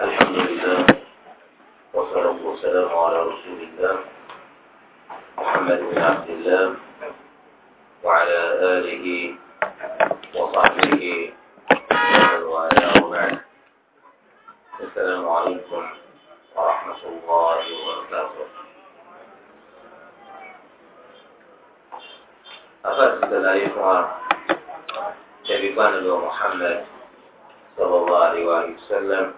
الحمد لله والصلاة والسلام على رسول الله محمد بن عبد الله وعلى آله وصحبه ومن والاه وبعد السلام عليكم ورحمة الله وبركاته أخذت الأيقظة نبي محمد صلى الله عليه وآله وسلم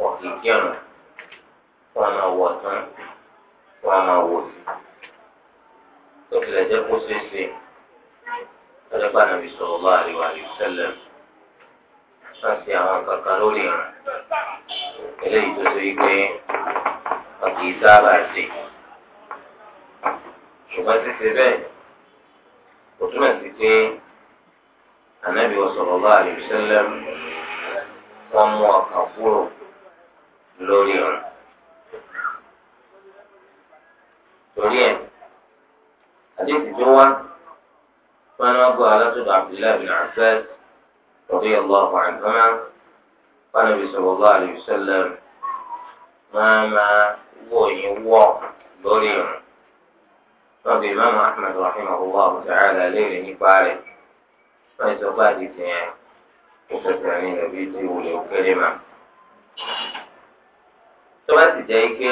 wọn kì í kírun wọn máa wọ̀ tán wọn máa wò sí. ó tilẹ̀ jẹ́ kó ṣeé ṣe lọ́jọ́ bá nàbì sallallahu alaihi wa sallam wọ́n ti àwọn kankan lórí ìrìn eléyìí tó ṣe pé wọn sábà ṣe ṣùgbọ́n títí bẹ́ẹ̀ ó túmọ̀ sí pé ànábì sallallahu alaihi wa sallam wọ́n mú ọkàn kúrò. lórí ọ̀rọ̀. torí ẹ̀ àdéhùn tó wá wọn ni gbọ́ alásùdọ̀ Abdullahi bin wọn máa máa wọ̀ yín wọ̀ lórí ọ̀rọ̀. wọn bí imáàmù bá sì jẹ́ pé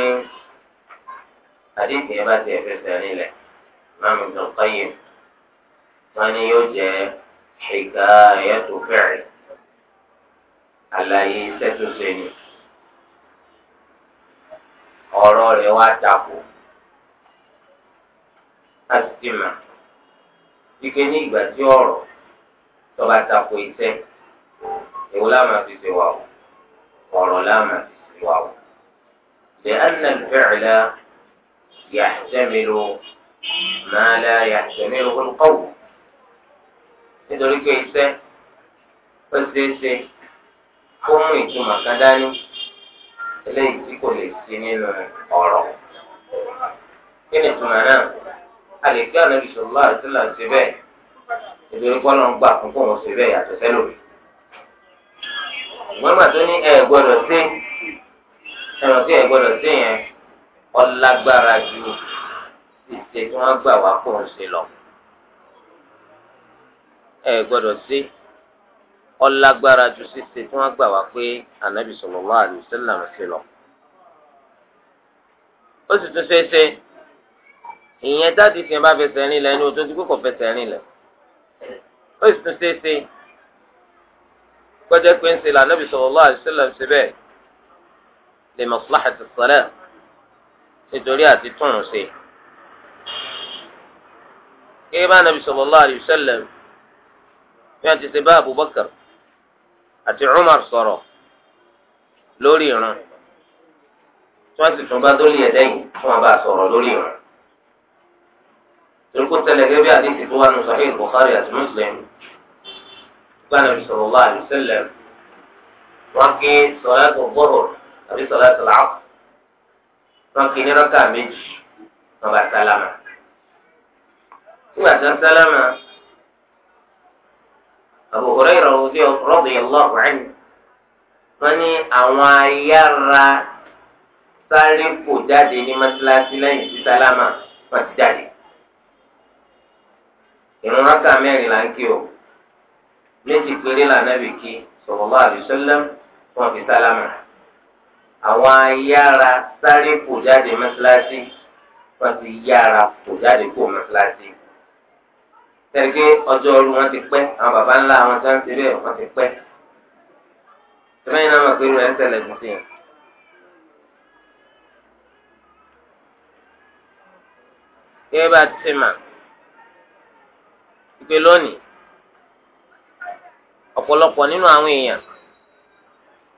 àdéhùn yẹn bá ti ẹ̀fẹ́ sẹ́rin lẹ̀ máàmù tó kọ́yè wọn ni yóò jẹ́ ṣèkà ẹ̀yẹ́tò fẹ̀rẹ̀ àlàyé iṣẹ́ tó ṣe ni ọ̀rọ̀ rẹ̀ wá takò a sì ní ìgbà tí ọ̀rọ̀ tó bá takò iṣẹ́ èwo láwọn àti ṣe wà o ọ̀rọ̀ láwọn àti ṣe wà o. لأن الفعل يحتمل ما لا يحتمله القول nítorí pé iṣẹ́ ó ṣeéṣe kó mú ìtumọ̀ kan dání eléyìí tí kò lè sí nínú ọ̀rọ̀ kí ni ìtumọ̀ náà a lè gbé ànábì sọ̀rọ̀ àtúnlá ṣe bẹ́ẹ̀ nítorí pé ọlọ́run gbà fún kóun ṣe bẹ́ẹ̀ yàtọ̀ sẹ́lòmí. ìgbọ́n gbà tó ní ẹ gbọ́dọ̀ ṣe é sọ̀rọ̀ tí ẹ gbọ́dọ̀ sí yẹn ọlágbára ju ìṣe tí wọ́n gbà wá kó ń ṣe lọ. ẹ gbọ́dọ̀ sí ọlágbára ju ṣíṣe tí wọ́n gbà wá pé ànábì sallallahu alaihi wasallam ṣe lọ. ó sì tún ṣeé ṣe ìyẹn táàdì fi bá fẹsẹ̀ rìn lẹ́nu tó ti kókò fẹsẹ̀ rìn lẹ̀. ó sì tún ṣeé ṣe kọjá pé ń ṣe lànàbì sallallahu alaihi wasallam ṣe bẹ́ẹ̀ lè maslahati salat nítorí àti túnrún ṣe. gẹ́gẹ́ bá nàbì sallallahu alayhi wa sallam bí wọ́n ti ṣe bá abubakar àti umar sọ̀rọ̀ lórí ìran tí wọ́n sì tún bá dólé ẹ̀dá yìí tí wọ́n bá sọ̀rọ̀ lórí ìran. torí kó tẹ̀lé gẹ́gẹ́ bí àdéhùn tó wà nù sahih bukhari àti muslim gba nàbì sallallahu alayhi wa sallam wọ́n ké sọ̀rọ̀ àti ọ̀gbọ́rọ̀ àbí sọlá tó làwọn wọn kì í ní rọkà méjì wọn bá sálámà nígbà tó sálámà Abu Hurairah radiyallahu anhu wọn ní àwọn ayára sáré kò jáde ní mọ́tíláṣí lẹ́yìn sí sálámà wọn ti jáde ìrun rọkà mẹ́rin là ń kí o méjì péré là nábì kí sallallahu alaihi wasallam wọn fi sálámà àwọn ayára sáré kò jáde mọ́ṣáláṣí wọ́n ti yára kò jáde kò mọ́ṣáláṣí. tẹ̀lé ọjọ́ orí wọn ti pẹ́ àwọn baba ńlá wọn tó ń ṣe bẹ́ẹ̀ wọ́n ti pẹ́. sẹ́fẹ̀yìn náà mọ̀ pé irú ẹ̀ ń tẹ̀lé gùn sí i. gẹ́gẹ́ bá a ti ṣe mà ìpè lónìí ọ̀pọ̀lọpọ̀ nínú àwọn èèyàn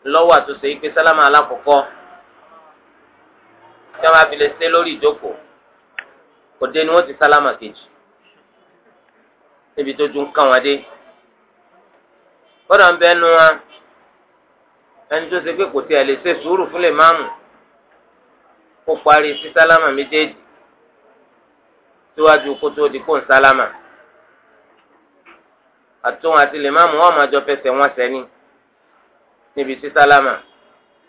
lọ́wọ́ àtúnṣe yìí pé sálámà alákọ̀ọ́kọ́ tí wọ́n bá fi lè ṣe lórí ìjókòó òde ni wọ́n ti sálámà kejì níbi tó ju ń kàn wọ́n dé gbọ́dọ̀ ń bẹ́ẹ̀ nu wa ẹni tó ṣe pé kò tiẹ̀ lè ṣe sùúrù fún lè máàmù kó parí sí sálámà méjèèjì síwájú kó di kó ń sálámà àtúnwò lè máàmù wọn máa jọ fẹsẹ̀ wọn sẹ́ni níbi tí sálámà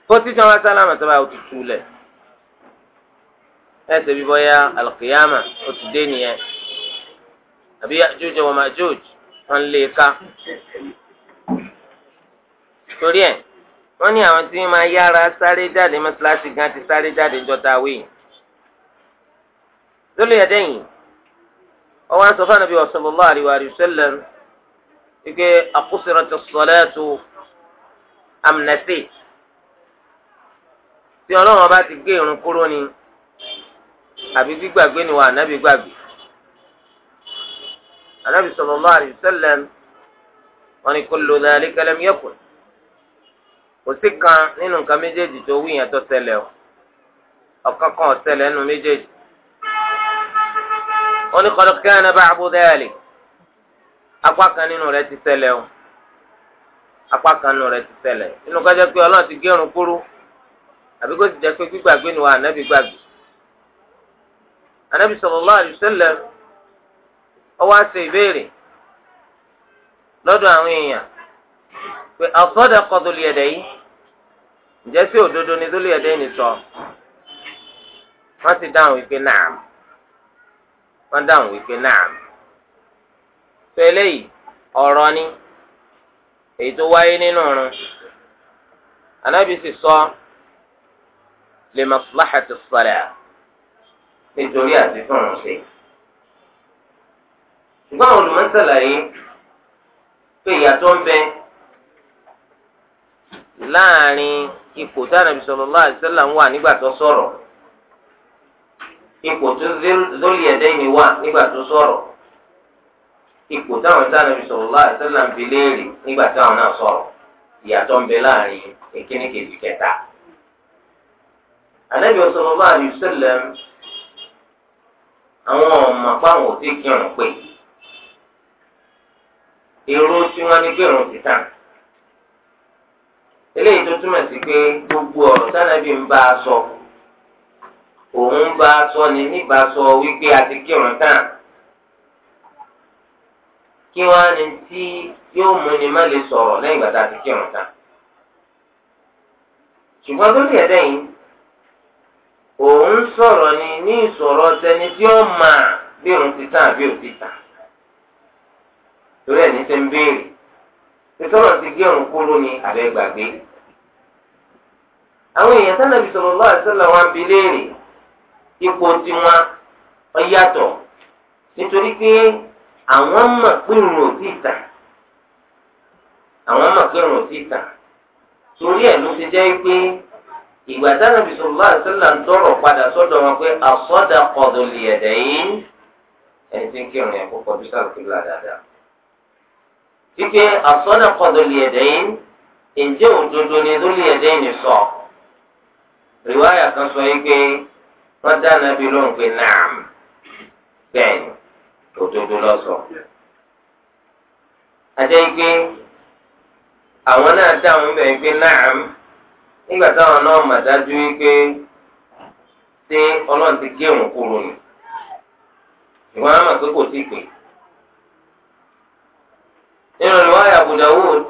kó títí wọn sálámà tó bá o ti tu lẹ̀ ẹsẹ̀ bíbọ́ ya alùkìyàmà o ti dé nìyẹn àbí Yájúj wa Májúj wọn lé e ká torí ẹ̀ wọ́n ní àwọn tí wọ́n máa yára sáré jáde mọ́sálásí gan ti sáré jáde jọta wíì lórí ẹ̀dẹ́yìn ọwọ́ àti sọ́fà nàbí sallallahu alaihi wa sallam wípé àkúsìrọ̀ ti sọ̀lẹ́ tó amnesage tí ọlọ́run ọba ti gé irun kúrò ni àbí gbígbàgbé ni wà ànábì gbàgbé ànábì sallallahu alaihi wasallam wọn ni kullu dhalika lam yakun kò sí kan nínú nǹkan méjèèjì tó wí yẹn tó ṣẹlẹ̀ o ọ̀kan kan ò nínú méjèèjì wọn ni qad kana ba'du dhalik apá kan nínú rẹ̀ ti ṣẹlẹ̀ o. apá kan nù ti ṣẹlẹ̀ nínú kájá pé ọlọ́run ti kúrú àbí kó ti jẹ́ pé gbígbàgbé nu wa ànábì gbàgbé anabi sallallahu alaihi wasallam ó ìbéèrè lọ́dọ̀ àwọn èèyàn pé as-sadaqa dhul yadayn ǹjẹ́ sí òdodo ni dhul yadayn ni sọ wọ́n ti na'am wọ́n dáhùn wípé na'am Pele eléyìí ọrọ ni. èyí tó wáyé nínú ọ̀run anábì sì sọ lè maslahati sọlẹ̀ nítorí àti fún ọ̀run sí. ṣùgbọ́n àwọn olùmọ̀sálàyé pé ìyàtọ̀ ń bẹ láàrin ipò tí anábì sallallahu alaihi wasallam wà nígbà tó sọ̀rọ̀ ipò tó Dhul Yadayn wà nígbà tó sọ̀rọ̀. ipò táwọn sáré sallallahu alaihi wasallam ń bi léèrè nígbà táwọn náà sọ̀rọ̀ ìyàtọ̀ ń bẹ láàrin ìkíní kejì kẹta. Ànábì sallallahu alaihi wasallam àwọn ọmọ apáwọn ò kírun pé èrò tí wọ́n ní ti tàn. eléyìí tó túmọ̀ gbogbo ọ̀rọ̀ ń a sọ òun bá a sọ ni sọ wípé a ti kírun kí wọ́n á ní tí yóò mú ni má lè sọ̀rọ̀ lẹ́yìn ìgbà tá a ti kírun tán. ṣùgbọ́n tó tiẹ̀ dẹ́yìn òun sọ̀rọ̀ ni ní ìsọ̀rọ̀ tẹni tí ó mà bí òun ti àbí òun ti torí ní ń ti gé ọ yàtọ̀ nítorí pé. àwọn mọ̀ pé irun ò sí ìtàn àwọn mọ̀ pé irun ò sí ìtàn torí ẹ̀ ló ti jẹ́ pé ìgbà táwọn Ànábì sallallahu alaihi wasallam ń tọrọ padà sọ́dọ̀ wọn pé as-sadaqatu liyadayn ẹni tí ń kírun yẹn kó kọjú sàlùkìlà dáadáa wípé as-sadaqatu liyadayn ǹjẹ́ òdodo ni tó liyadayn sọ rìwáyà kan sọ yìí pé wọ́n dá Ànábì lóhùn pé nàám bẹ́ẹ̀ ni. òdodo lọ́sọ̀. àjẹ́ àwọn náà dáhùn bẹ̀ pé náàm nígbà táwọn náà mà dájú wípé tí ọlọ́run ti gé òun kúrò nù. ìwọ́n á mọ̀ pé kò sí nínú Abu Dawud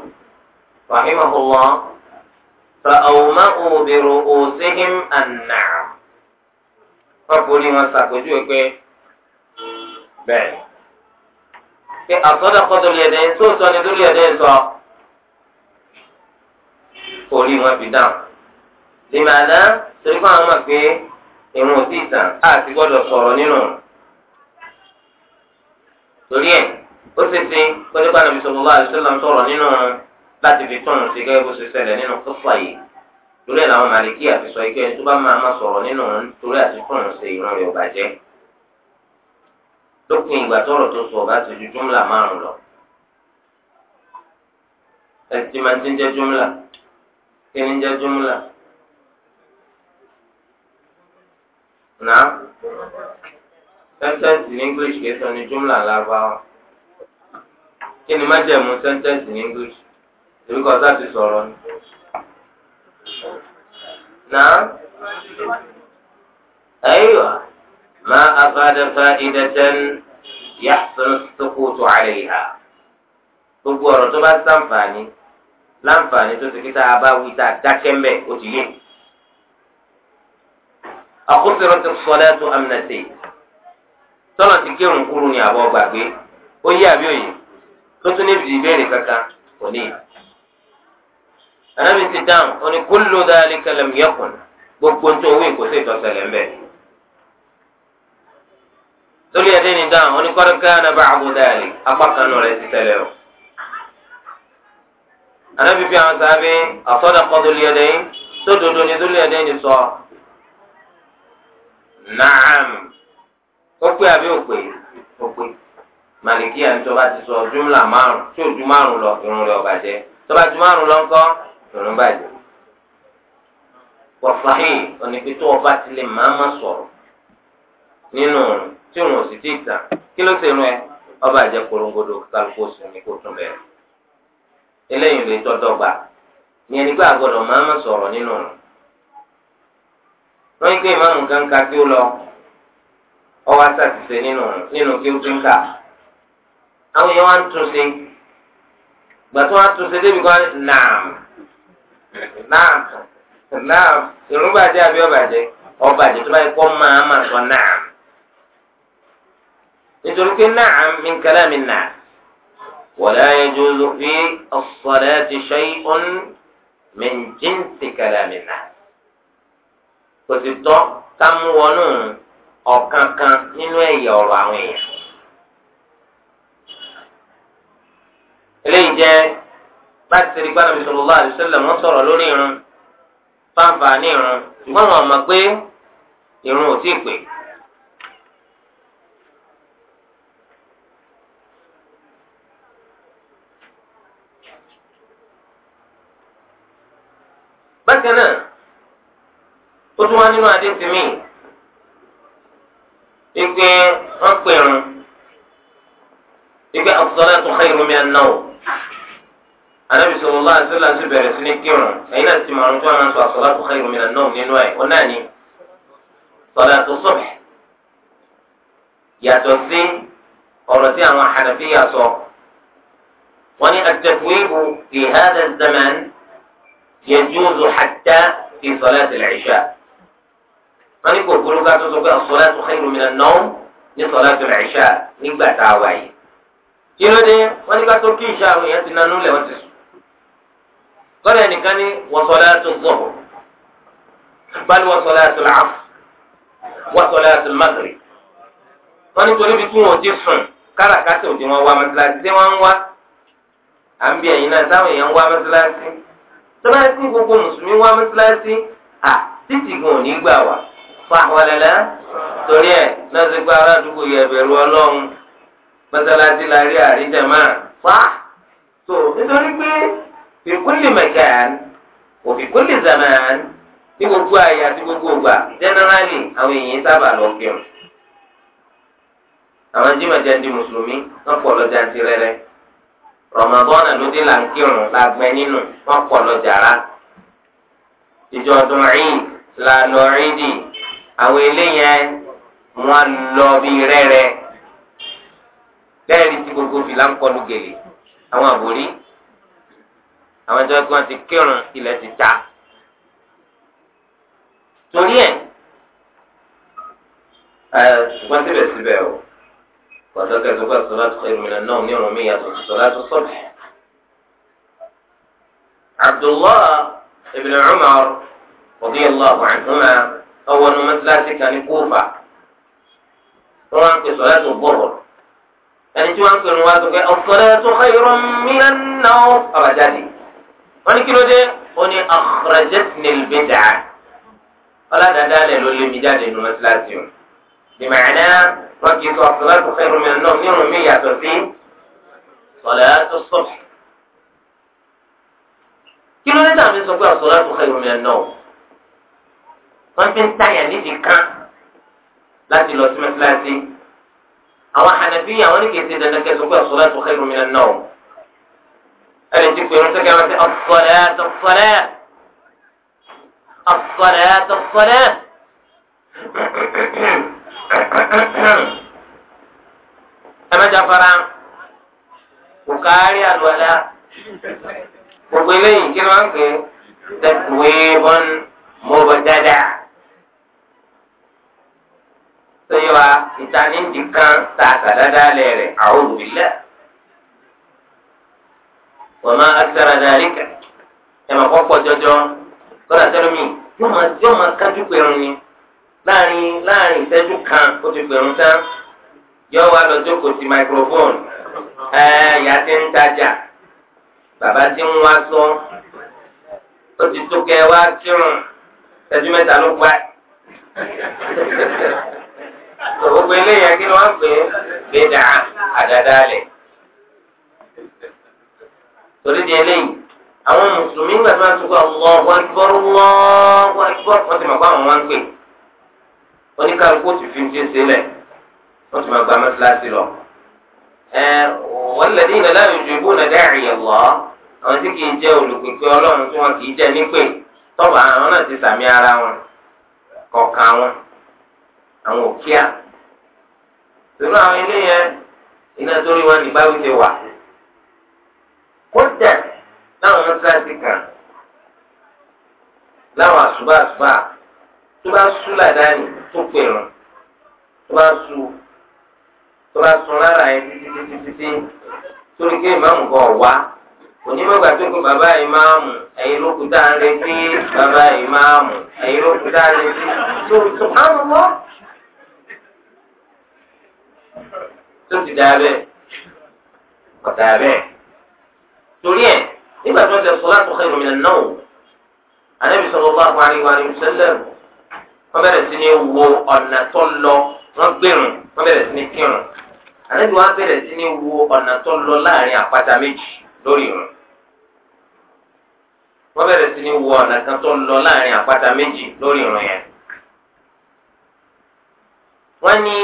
rahimahullah fa'awma'u bi obere an-na'am. wọ́n wọn bẹ́ẹ̀ ṣe àsọdọ̀kọ tó lè dẹ́yìn tó sọ ni tó lè dẹ́yìn sọ orí wọn fi dáhùn lèmàdá torí fún àwọn ọmọ pé ìwọn ò tí ì tàn á ti gbọ́dọ̀ nínú torí ẹ̀ ó ṣe ṣe pẹ̀lú pàdé bisalòlá àdìsọlá sọ̀rọ̀ nínú láti fi tún un sí gẹ́gẹ́ bó ṣe ṣẹlẹ̀ nínú kópa yìí torí ẹ̀ làwọn màlìkí àti sọ ike tó bá máa ma sọ̀rọ̀ nínú torí àti tún un sí ìran rẹ̀ ò lópin ìgbà tọrọ tó sọ ọba ti ju júmùlà márùn lọ ẹtì máa ti ń jẹ júmùlà kíni ń jẹ júmùlà náà sentence in English kìí sọ ní júmùlà lárúbáwá kíni má jẹ mú sentence in English èmi kọ́ sáà ti sọ̀rọ̀ ni náà ẹ̀yọ́. ما أفاد فائدة يحسن السكوت عليها gbogbo ọ̀rọ̀ tó bá sàǹfààní láǹfààní tó ti kí tá a bá wí tá a dákẹ́ mbẹ́ ó ti yé. àkóso ti sọlẹ́ tó amúnàtè tọ́lọ̀ ti kírun kúrú ní àbọ̀ gbàgbé ó yé àbí òye tó tún níbi ìbéèrè kankan kò ní. ànábi ti dáhùn ó ní kẹlẹm yẹkùn gbogbo ntòwé kò sí ìtọ́sẹ̀lẹ̀ mbẹ́ torí ẹdín ní dáhùn oníkọ́rọ́ká nàbà àbúdáàlì apákanu rẹ̀ ti tẹ̀lé o. anábì fi àwọn sábẹ́ àtọ́dà kọ́ torí ẹdín sódodo ní torí ẹdín ní sọ. naam ó pé àbí ó pé ó pé màlìkíyà ní tó bá ti sọ júmùlà márùn tí ò ju márùn lọ irun rẹ̀ ọ̀bàjẹ́ tó bá ju márùn lọ ńkọ́ irun bàjẹ́. wọ́n fàáyì onípitó ọba tilẹ̀ máa ma sọ̀rọ̀ nínú rẹ̀. tí òun ò sì ti tàn kí ló ti rún ẹ ọba àjẹ korongodo kálukú sùn ní kó tún bẹ̀rẹ̀ eléyìí lè tọ́ dọ́gba ìyẹn nígbà gbọ́dọ̀ máa ma sọ̀rọ̀ nínú rẹ̀ wọ́n ń gbé ìmáàmù kanka kí ó lọ ọwọ́ àtàtìsẹ́ nínú nínú kí ó tún kà àwọn èèyàn wá ń tún sí gbàtún wá tún sí débi kan nàám nàám nàám ìrúbàjẹ́ àbí tó báyìí kọ́ máa sọ nàám. nítorí pé na'am min kalami na'am wala yajuzu fi as-salati shay'un min jinsi kalami na'am kò sì tọ́ ká mú wọnú ọ̀kankan nínú ẹ̀yà ọ̀rọ̀ àwọn èèyàn. eléyìí jẹ́ láti ṣe nípa nàbì sallallahu alaihi wasallam wọ́n sọ̀rọ̀ irun irun bákan náà ó tún wá nínú àdéhùn mi ìgbé wọn pèrún ìgbé as-salatu khayrun min an-nawm anabi sallallahu alaihi wasallam ti bẹ̀rẹ̀ sí ní kírun ẹ̀yin náà ti màrún tí wọn máa ń sọ as-salatu khayrun min an-nawm nínú ẹ ọ náà ni salatu subh yàtọ̀ sí ọ̀rọ̀ tí àwọn Hanafiya sọ wọn ni at-tathwib fi hadha يجوز حتى في صلاة العشاء wọ́n ní kò burú ká tó sọ pé as-salatu khayrun min an-nawm ní salatu al-isha nígbà tá a wáyé kí ló dé wọ́n ní ká tó kí ìṣá àwọn èèyàn ti nanú lẹ̀ wọ́n ti sùn kọ́lẹ̀ nìkan ní wa salatu az-zuhr bal wa salatu al-'asr wa salatu al-maghrib wọ́n ní torí bí kí wọ́n ti sùn káràkátà òdi wọn wá mọ́sálásí tí wọ́n ń wá à ń bí ẹ̀yin náà táwọn èèyàn ń wá mọ́sálásí tọ́lásí gbogbo mùsùlùmí wá mọ́sálásí à títì gan ní gbà wá fàwọlẹ́lẹ́ torí ẹ̀ lọ́sí gba aládùúgbò yẹ bẹ̀rù ọlọ́run mọ́sálásí la rí àríjẹ máa fa tó nítorí pé fìkúlì mẹ̀kàn òfìkúlì zàmàn ní gbogbo àyè àti gbogbo ògbà jẹ́nẹ́rálì àwọn èèyàn sábà lọ kírun àwọn jimajandi mùsùlùmí wọn pọ̀ lọ jàǹtì rẹ̀rẹ̀. رمضان ló dé là ń kírun la gbẹ nínú wọn pọ̀ lọ jàrá ìjọ ọdún rìn lànà rídì àwọn eléyẹn wọn lọ bí rẹ́rẹ́ lẹ́ẹ̀rí tí gbogbo fìlà ń kọlu gèlè àwọn àbórí àwọn ìjọ ẹgbẹ́ wọn ti kírun ilẹ̀ ti ta torí ẹ̀ ẹ̀ ṣùgbọ́n síbẹ̀síbẹ̀ o pàtàkì àtúkọ̀ àtúnṣọlá tó kẹrù mìíràn náà ní ọ̀rọ̀ mi yàtọ̀ àtúnṣọlá tó sọ̀bì. Abdullah ibn Umar radiyallahu anhuma ọwọ́ ní mọ́tíláṣí kan ní Kúfà wọ́n á ń pè sọ̀lá tó bọ̀rọ̀ ẹni tí wọ́n á ń pè ní wá tó kẹ́ ọ̀sọ̀lá tó kẹrù mìíràn náà ọ̀rọ̀ jáde wọ́n ní kí ló dé ó ní akhrajatni al-bid'ah ọlá dáadáa lẹ̀ ló lé mi jáde ní mọ́tíláṣí wọn. بمعنى wọn kì í sọ àtúntò xeyìrù mi nínú nínú mi yàtọ̀ sí sọláàtù sọfì. kí ló dé tàbí sọ pé àtúntò xeyìrù mi nínú wọn fi ń tàyà nídìí kan láti lọ sí mẹsàlásì àwọn hànàfí àwọn ní kìí ṣe dandan kẹsàn pé àtúntò xeyìrù mi nínú ẹni tí pé wọn sọkè wọn sí àtúntò sọlẹ àtúntò sọlẹ àtúntò sọlẹ. ẹmẹjà fara kò kárí àlùwàlá gbogbo eléyìí kí wọn gbé tẹsíwébọn mọbọdádá sọyọ wa ìtàníjì kan tààtàdádá lẹrẹ àwọn olùbílẹ wọn máa akitara dárí kẹ ẹ máa kọkọ jọjọ kọlá tẹlifí yóò máa kájú pé irun ni. láàrin láàrin ìṣẹ́jú kan ó ti pèrún tán yọ wá lọ jókòó ti microphone ẹ ti ń bàbá ti ń wá sọ ó ti tó wá kírun ìṣẹ́jú mẹ́ta ló pa gbogbo eléyàn kí ni wọ́n pè é gbẹdà torí di eléyìí àwọn mùsùlùmí ń gbàdúrà tó kọ wọn wọn gbọ́ ti mọ̀ pé oníkàlùkù ti fi ti sílẹ̀ wọ́n ti máa gba lọ. ẹ àwọn tí kì í jẹ́ olùpèpè ọlọ́run tí wọ́n kì í jẹ́ nípè tọ́ba àwọn náà ti sàmì ara wọn kọ̀ọ̀kan wọn àwọn òkíà. àwọn ilé yẹn iná torí wọn nígbà wí ti wà. kódà láwọn kan láwọn àṣùbà àṣùbà tó bá sú làdáni tó pèrún tó bá sú tó bá sùn lára yẹn títí títí títí torí pé ìmáàmù kan wá onímọ̀gbà tó kún bàbá ìmáàmù ẹ̀yin ló kú tá à ń retí bàbá ìmáàmù ẹ̀yin ló kú tá à retí tó tó àwọn mọ́ tó ti dá bẹ́ẹ̀ ọ̀dà bẹ́ẹ̀ torí ẹ̀ nígbà tó ń tẹ̀ sọ́lá tó kẹ́ ìròyìn náà ànábì sallallahu alaihi wa sallam. wọ́n bẹ̀rẹ̀ sí ní wo ọ̀nà tó lọ wọ́n gbẹ̀rùn wọ́n bẹ̀rẹ̀ sí ní kírun àlejò wa bẹ̀rẹ̀ sí ní wo ọ̀nà tó lọ láàrin àpáta méjì lórí irun wọ́n bẹ̀rẹ̀ sí ní wo ọ̀nà kan tó lọ láàrin àpáta méjì lórí irun yẹn wọ́n ní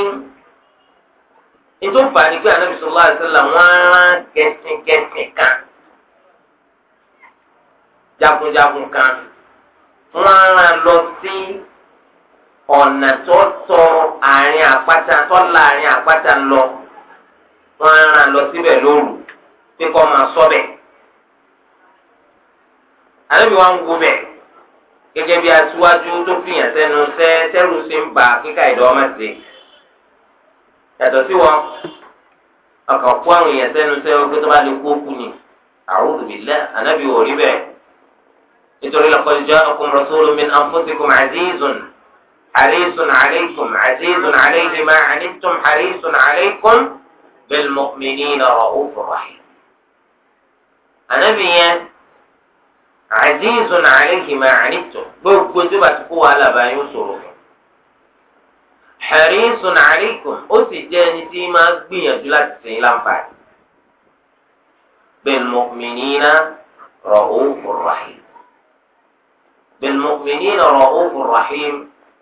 ètò ìfà ni pé ànábì sọlá àṣẹlá wọn rán kẹsìnkẹsìn kan jagunjagun kan wọn rán lọ sí. ọ̀nà tó tọ àárín àpáta tó la àárín àpáta lọ wọ́n rán lọ síbẹ̀ lóru pé kọ́ máa wa ń gubẹ̀ gẹ́gẹ́ bí aṣíwájú tó fìyàn sẹ́nu sẹ́ sẹ́rù sí ń ba kíkà ìdánwò sí. yàtọ̀ sí wọn ọkàn kó àwọn èèyàn sẹ́nu sẹ́ tó bá ni a'udhu billahi ànábì ò rí bẹ́ẹ̀. nítorí laqad ja'akum rasulun min anfusikum حريص عليكم عزيز عليه ما عنتم حريص عليكم بالمؤمنين رؤوف رحيم النبي عزيز عليه ما عنتم بكتبة قوة على بايوسوره حريص عليكم أتي جانتي ما بي جلت سيلام بعد بالمؤمنين رؤوف رحيم بالمؤمنين رؤوف رحيم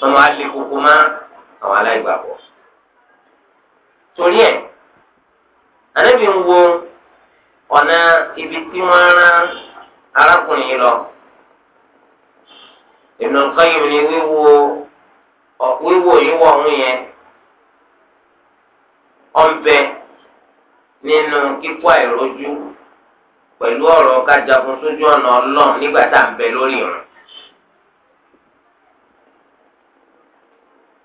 sọmọ alẹ koko má àwọn aláìgbàgbọ́ torí ẹ ànábì ń wo ọ̀nà ibi tí wọ́n rán arákùnrin yìí lọ Ibn Qayyim ni wíwo wíwo yìí ọ̀hún yẹn ọ̀nbẹ nínú kíkó àìrójú pẹ̀lú ọ̀rọ̀ kájagun sójú ọ̀nà ọlọ́run nígbà tá à ń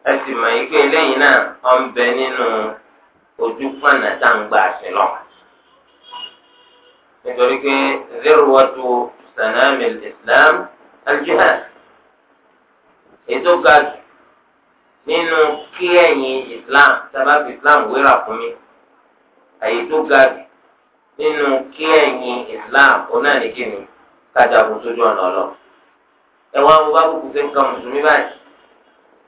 ẹ sì mọ̀ yìí pé eléyìí náà ọ̀ ń bẹ nínú ojú pọ̀nà tá ń gbà sí lọ. nítorí pé zirwatu sanami islam aljihad ètò ga jù nínú kí ẹ̀yin islam sábàbí islam wéra fún mi àyè tó ga jù nínú kí ẹ̀yin islam onáníkìní kájà kó sójú ọ̀nà ọlọ. ẹ wá wo bá kúkú sí nǹkan mùsùlùmí báyìí.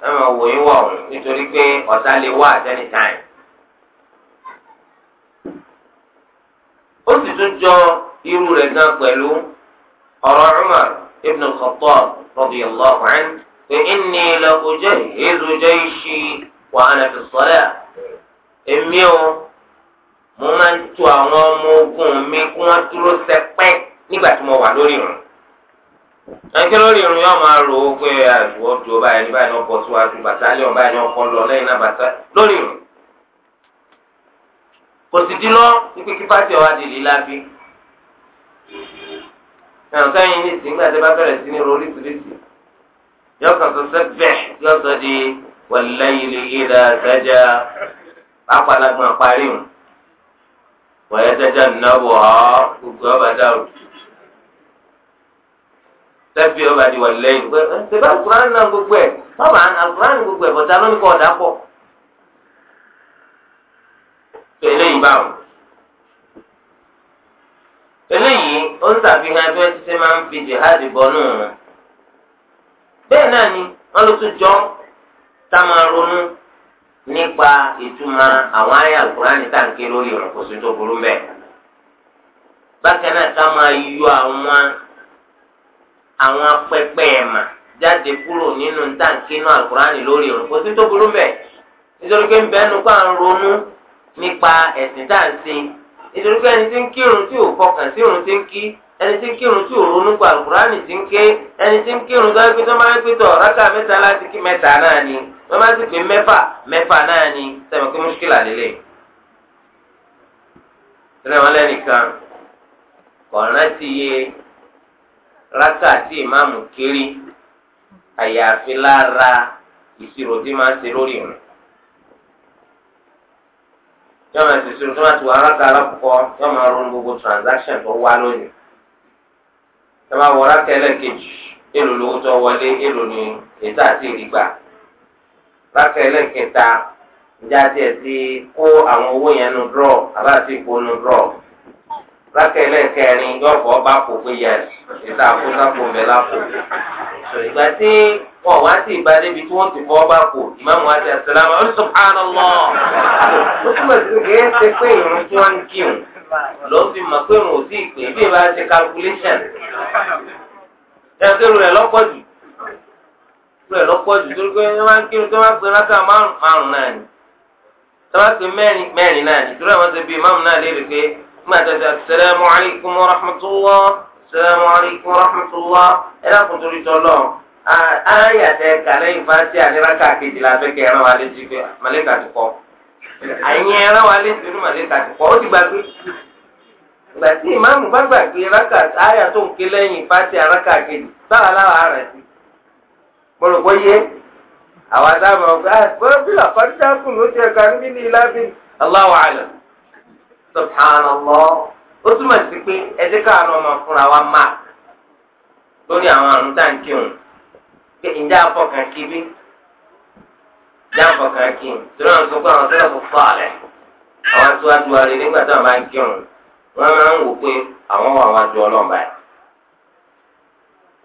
ẹ máa wò yín wọ̀ ọ̀hún nítorí pé ọ̀tá lè wá at any time. ó sì tún jọ irú rẹ̀ gan pẹ̀lú ọ̀rọ̀ Umar ibn al-Khattab radiyallahu anhu pé inni la ujahhizu jayshi wa ana fi salah èmi o mo máa ń tu àwọn ọmọ ogun mi kí wọ́n dúró sẹpẹ́ nígbà tí mo wà lórí ìrun ẹnìkẹ́ lórí irun yóò máa rò ó pé àìsùwọ́ ju ọba ẹni báyìí náà bọ́ síwájú bàtálíọ̀n báyìí náà kọ́ lọ lẹ́yìn náà bàtá lórí irun. kò sì dín lọ wípé kí pàṣẹ wa di lílá bí. ẹ̀rùn sẹ́yìn ní ìsìn gbàdé bá bẹ̀rẹ̀ sí ní ro oríṣiríṣi. yóò kàn sọ sẹ́bẹ̀ yóò sọ di wàlẹ́yìnlẹ̀ ìdá sẹ́jà pápálágbọ̀n parí wọn. sẹ́jà náà ọ tẹ́fì ọba di wọlé lẹ́yìn pé eh, ṣèbá alukur'an náà gbogbo ẹ̀ bàbá alukur'an gbogbo ẹ̀ bọ̀tà lónìí kọ́ ọ̀dà pọ̀. eléyìí báwọn eléyìí ó ń ṣàfihàn bí wọ́n ti ṣe máa ń fi jihad bọ́nú wọn. bẹ́ẹ̀ náà ni wọ́n ló tún jọ tá ronú nípa ìtumọ̀ àwọn ayé alukur'an tá à ń ké lórí ìrànkóso tó burú mẹ́. bákan náà ká yọ àwọn àwọn pẹpẹ ẹ̀mà jáde kúrò nínú ntànkínú alukurani lórí òun kò sí tó burú mbẹ nítorí pé nbẹ́nu kó à ń ronú nípa ẹ̀sìn tá à ń sin nítorí pé ẹni tí ń kírun tí ò fọkàn sí òun tí ń kí ẹni tí ń kírun tí ò ronú pa alukurani tí ń ké ẹni tí ń kírun tó ẹgbẹ́ tó máa ń pè tọ̀ rákà mẹ́ta láti kí mẹ́ta náà ni wọ́n máa ti pè mẹ́fà mẹ́fà náà ni sẹ́mi pé mùṣkílà lélẹ̀. tẹ́lẹ̀ wọn lẹ́nìkan kọ̀ọ̀rántì yé rákà tí ìmáàmù kiri àyàfi lára ìṣirò tí máa ń ṣe lórí ìrìn yọ máa ṣe ìṣirò tí wọ́n ti wọ rákà alákọ̀ọ́kọ́ yọ máa ronú gbogbo transaction tó wá lónìí yọ máa wọ rákà ẹlẹ́ẹ̀kejì èlò lówó tó wọlé èlò ní ètò àti ìrìgbà rákà ẹlẹ́ẹ̀kẹta ìjà tiẹ̀ ti kó àwọn owó yẹn nu drọ àbá àti ìkó nu drọ. lákẹ̀lẹ̀ kẹrin yọ̀fọ̀ bá kò pé yẹ ìta àkóso mi lápò. ìgbà tí wọn wá sí ìbá débi tí wọn ti fọ́ bá kò ìmáàmù àti lọ. ó túmọ̀ sí pé kìí ṣe pé ìrún tí wọ́n ń kírun ló fi mọ̀ pé ò sí ìpè bí ìbá ṣe calculation. rẹ̀ lọ́pọ̀ jù rẹ̀ lọ́pọ̀ jù torí pé wọ́n ń kírun gbàdàdà sàlámù alaykum wa rahmatulah sàlámù alaykum wa rahmatulah ẹ dákun torí tọlọ ayé àtẹ kàlẹ́ ìfàsí àdíraka kejì la fẹ́ kẹ́ ẹran wa létí pé màlẹ́kà ti kọ́ àyìn ẹran wa létí pé màlẹ́kà ti kọ́ ó ti gbàgbé ìgbà tí ìmáàmù bá gbàgbé raka ayé àtọ̀ òkè lẹ́yìn ìfàsí àraka kejì sára lára rẹ̀ sí gbọ́dọ̀ yé àwọn àdáàbọ̀ ọ̀gá ẹ̀ bí àkọ́jà subhanallah ó túmọ̀ sí pé ẹjẹ́ káàánú ọmọ fúnra wa mark lórí àwọn àrùn táǹkì òun pé ǹjẹ́ àfọkàn kí bí ǹjẹ́ àfọkàn kí n torí àwọn sọ́kọ́ àwọn sọ́kọ́ fún fàlẹ̀ àwọn aṣáájú wa rí nígbà tí wọ́n ń kí òun wọ́n máa ń wò pé àwọn wà wájú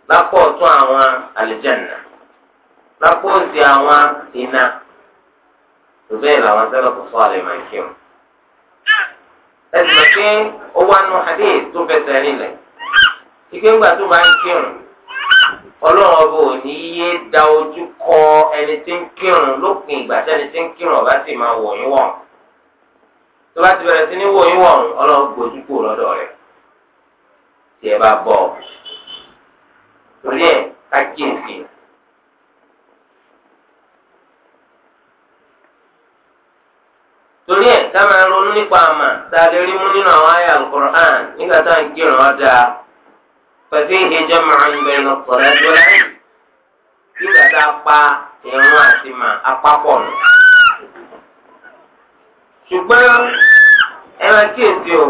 lápò ọ̀tún àwọn lápò òsì àwọn iná ẹsùn pé ó wá nu hadith tó fẹsẹ̀ nílẹ̀ ike tó máa ń kírun ọlọ́run ọba ò ní da ojú kọ ẹni tí ń kírun lópin ìgbà tí ẹni tí ń kírun ọba sì máa yín wọ̀n tó bá ti bẹ̀rẹ̀ sí ní wọ̀ yín wọ̀n ọlọ́run gbójú kò lọ́dọ̀ rẹ̀ tí ẹ táwọn ronú nípa àmà tá a lè rí mú nínú àwọn àyà alukur'an nígbà tá à ń kírun ọjà pẹ̀sí ìhẹjọ́ màá ń bẹ̀rẹ̀ lọ́kọ̀ọ́lá dúró nígbà tá a pa ìrún àti mà apapọ̀ nù. ṣùgbọ́n ẹ kíyèsí o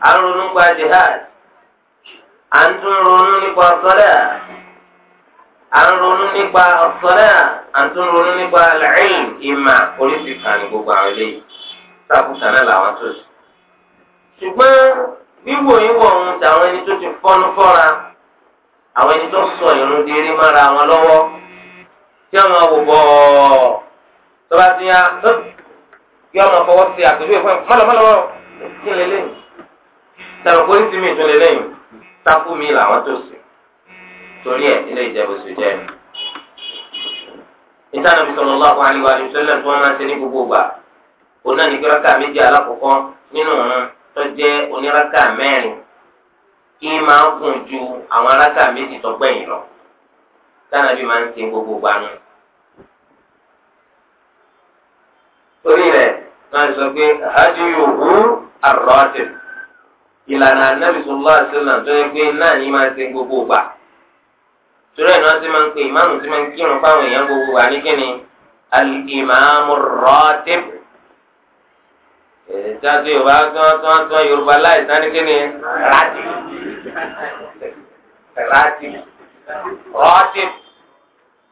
à ń ronú jihad a ń tún ronú nípa sọ́dà à ń ronú nípa sọ́dà à ń tún ronú nípa lẹ́yìn ìmà oríṣi ní sáàkù sàrẹ́ làwọn tó sùn. ṣùgbọ́n wíwò ìwọ̀ ohun tàwọn ẹni tó ti fọ́nú fọ́ra àwọn ẹni tó sọ di eré mọ́ra wọn lọ́wọ́ tí wọ́n wò bọ̀ tó bá ti yá kí wọ́n fọwọ́ sí àpèjúwe fún kí lè lẹ́yìn ìtún lè lẹ́yìn mi làwọn tó sùn torí ẹ̀ ilé ìjẹ́bù jẹ́ ní gbogbo gbà oná ní kíráka méjì alákọ̀ọ́kọ́ nínú ọ̀run tó jẹ́ oníraka mẹ́rin kí máa ń gùn ju àwọn araka méjì tó gbẹ̀yìn lọ tánà bí máa ń ṣe gbogbo gbanu. torí rẹ̀ náà sọ pé àjò yòówù àrọ́ọ̀tì ìlànà anábì sọlá àṣìlá tó yẹ pé náà ní máa ṣe gbogbo gbà. torí náà ti máa ń pè ìmáàmù ti máa ń kírun fáwọn èèyàn gbogbo gbà ní kíni al-imaamu rọ́ọ̀tì ìtàgé yorùbá tọ́tọ́tọ́ yorùbá láì sani kíni rati rati rọti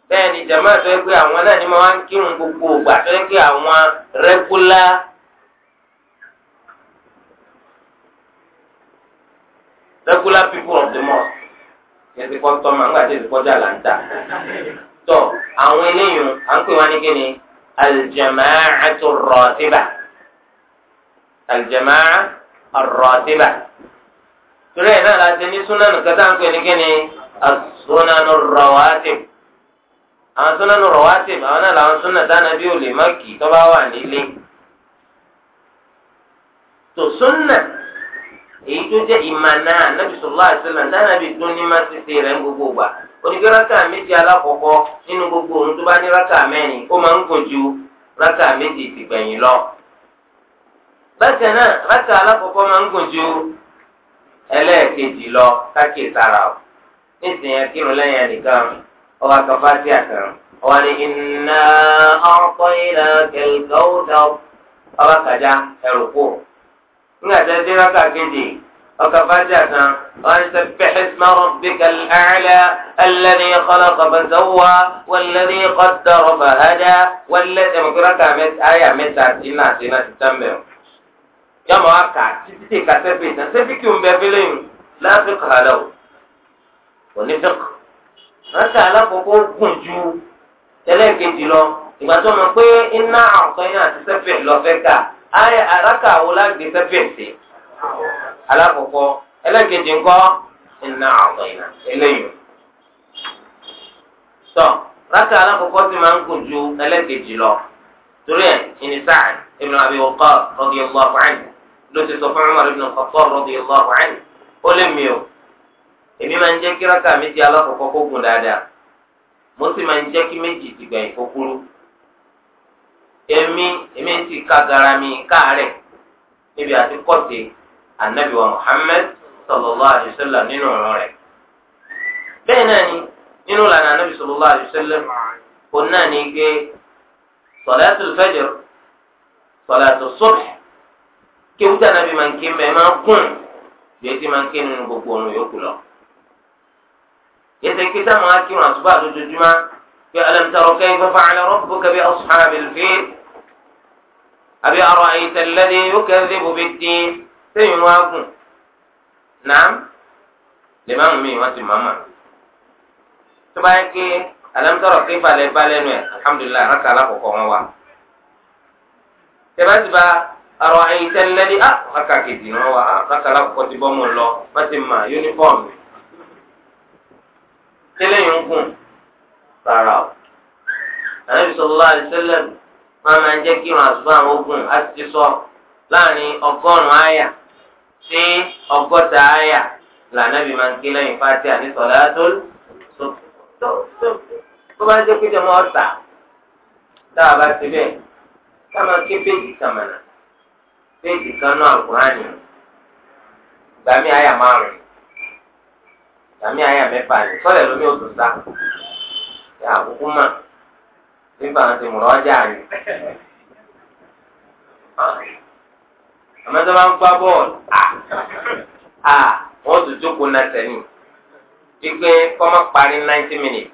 bẹ́ẹ̀ ni jama tó yẹ pé àwọn náà ni mo máa ń kírun gbogbo ògbà tó yẹ pé àwọn rẹ́gúlá rẹ́gúlá people of the mosque yẹn ti kọ́ tọ́ ma ńgbà tí èsì kọjá là ń tà tọ́ àwọn eléyìí à ń pè wá ní kíni aljama'atu ratiba aljamaa arratiba torí ẹ̀ náà la ṣe ní súnánù kẹta ń pè ní kíni asúnánù rawatib àwọn súnánù rawatib àwọn náà làwọn súnà dáná bí olè má kì í tó bá wà nílé tó súnà èyí tó jẹ́ ìmànà ànábì sallallahu alaihi wasallam dáná bí dún ní má tètè rẹ̀ ń gbogbo gbà oníkẹ́ rákà méjì alákọ̀ọ́kọ́ nínú gbogbo òun tó bá ní rákà mẹ́rin ó máa ń gùn ju rákà méjì tìgbẹ̀yìn lọ bákan náà rákà alákọ̀ọ́kọ́ máa ń gùn ju ẹlẹ́ẹ̀kejì lọ káàkiri sára o nísìnyẹn kírun lẹ́yìn ẹnìkan ọwọ́ akọ̀fà sí àkàn ọwọ́ ni iná ọkọ̀ ìlà kẹlẹ́kẹ́ ọ̀dọ́ ọwọ́ kàjá ẹrù kù nígbà tí a dé rákà kejì. وكفاتها وسبح اسم ربك الأعلى الذي خلق فسوى والذي قدر فهدى والذي مكرك آية متى سنة سنة تتمم yọmọ wa kà títí ka sẹ́fì na sẹ́fì kí n bẹ fílẹ̀ yìí láti gùn ju ẹlẹ́ẹ̀kejì lọ ìgbà tó mọ̀ pé iná àkọ́yìn àti sẹ́fì lọ́fẹ́ kà ayé àràkà wo lágbè sẹ́fì sí alákọ̀ọ́kọ́ ẹlẹ́ẹ̀kejì ina iná àkọ́yìn eléyìí tọ́ raka alákọ̀ọ́kọ́ ti máa ń gùn ju ẹlẹ́ẹ̀kejì lọ torí ẹ̀ ìnísàn ibn Abi Waqqas radiyallahu anhu ló ti sọ fún Umar ibn al-Khattab lè o èmi máa ń jẹ́ kí rákà méjì alákọ̀ọ́kọ́ kó gùn dáadáa mo sì máa ń jẹ́ kí méjì ti èmi èmi ti ka wa sallallahu alayhi wa sallam nínú ọ̀rọ̀ bẹ́ẹ̀ náà ni nínú anabi sallallahu alayhi wa sallam kéwú tànà bí máa ń ké mẹ́ẹ̀ máa gùn bí etí máa ń ké nínú gbogbo ọ̀run yòókù lọ. yẹsẹ̀ kí sáà máa kírun àsùbá àdójoojúmọ́ pé alam tara kayfa fa'ala rabbuka bi ashabil fil àbí ara'ayta alladhi yukadhibu bid-din sẹ́yìn wá gùn náà lè má mú mi wọ́n ti máa mà. tó alam tara kayfa lẹ́ bá lẹ́nu ẹ̀ alhamdulilayi rákà alákọ̀ọ́kọ́ wọn wá àrò àyìntẹ́ lẹ́ni á rákà kejì wọn wà á rákà lákòókò ti bọ́ mọ̀ lọ wọ́n ti mà yúnífọ́ọ̀mù tẹ́lẹ̀ yìí ń gùn tààrà o àyẹ̀bí sọ̀rọ̀ àdìsẹ́lẹ̀ máa máa ń jẹ́ kí wọn àtúbọ̀ àwọn ogun á ti sọ láàrin ọgọ́rùn-ún àyà sí ọgọ́ta àyà lànàbí máa ń ké lẹ́yìn fáti àdìsọ̀lá tó tó bá jẹ́ pé jẹ́ mọ́ ọ̀tà tá a bá ti bẹ́ẹ̀ ká máa ké péjì kàmánà. péjì kan náà alukurani ìgbà mi àyà márùn ìgbà mi àyà mẹ́fà ni sọlẹ lómi ò tún sá yà àkókò mà nígbà wọn ti múra ọjà ni àmọ́tọ́ máa ń gbá bọ́ọ̀lù à wọ́n tún jókòó náà sẹ́yìn wípé kọ́mọ́ parí ninety minutes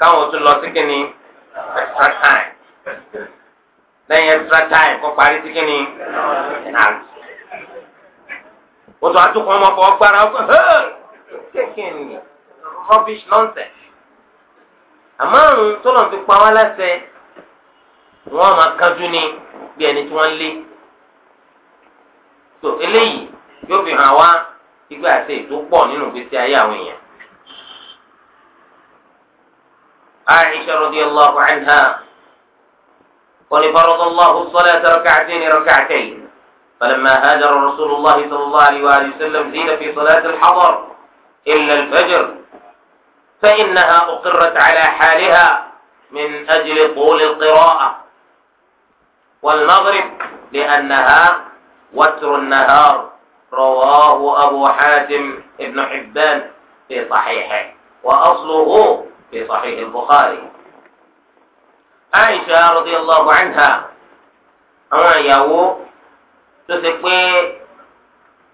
káwọn tún time. lẹ́yìn extra time kọ́ parí sí kí ni penalty. wọ́n tún atukọ̀ ọmọ kọ́ gbára ọkọ̀ kékin ni rubbish nonsense. àmọ́ tó lọ́n ti pa wá láṣẹ wọ́n máa ni bí ẹni tí wọ́n lé. tó eléyìí yóò fi hàn wá igbe àti ètò pọ̀ nínú ìgbésí ayé àwọn èèyàn. Aisha ولفرض الله الصلاة ركعتين ركعتين فلما هاجر رسول الله صلى الله عليه وآله وسلم زين في صلاة الحضر إلا الفجر فإنها أقرت على حالها من أجل طول القراءة والمغرب لأنها وتر النهار رواه أبو حاتم ابن حبان في صحيحه وأصله في صحيح البخاري Aisha radiyallahu anha àwọn ìyàwó tó ṣe pé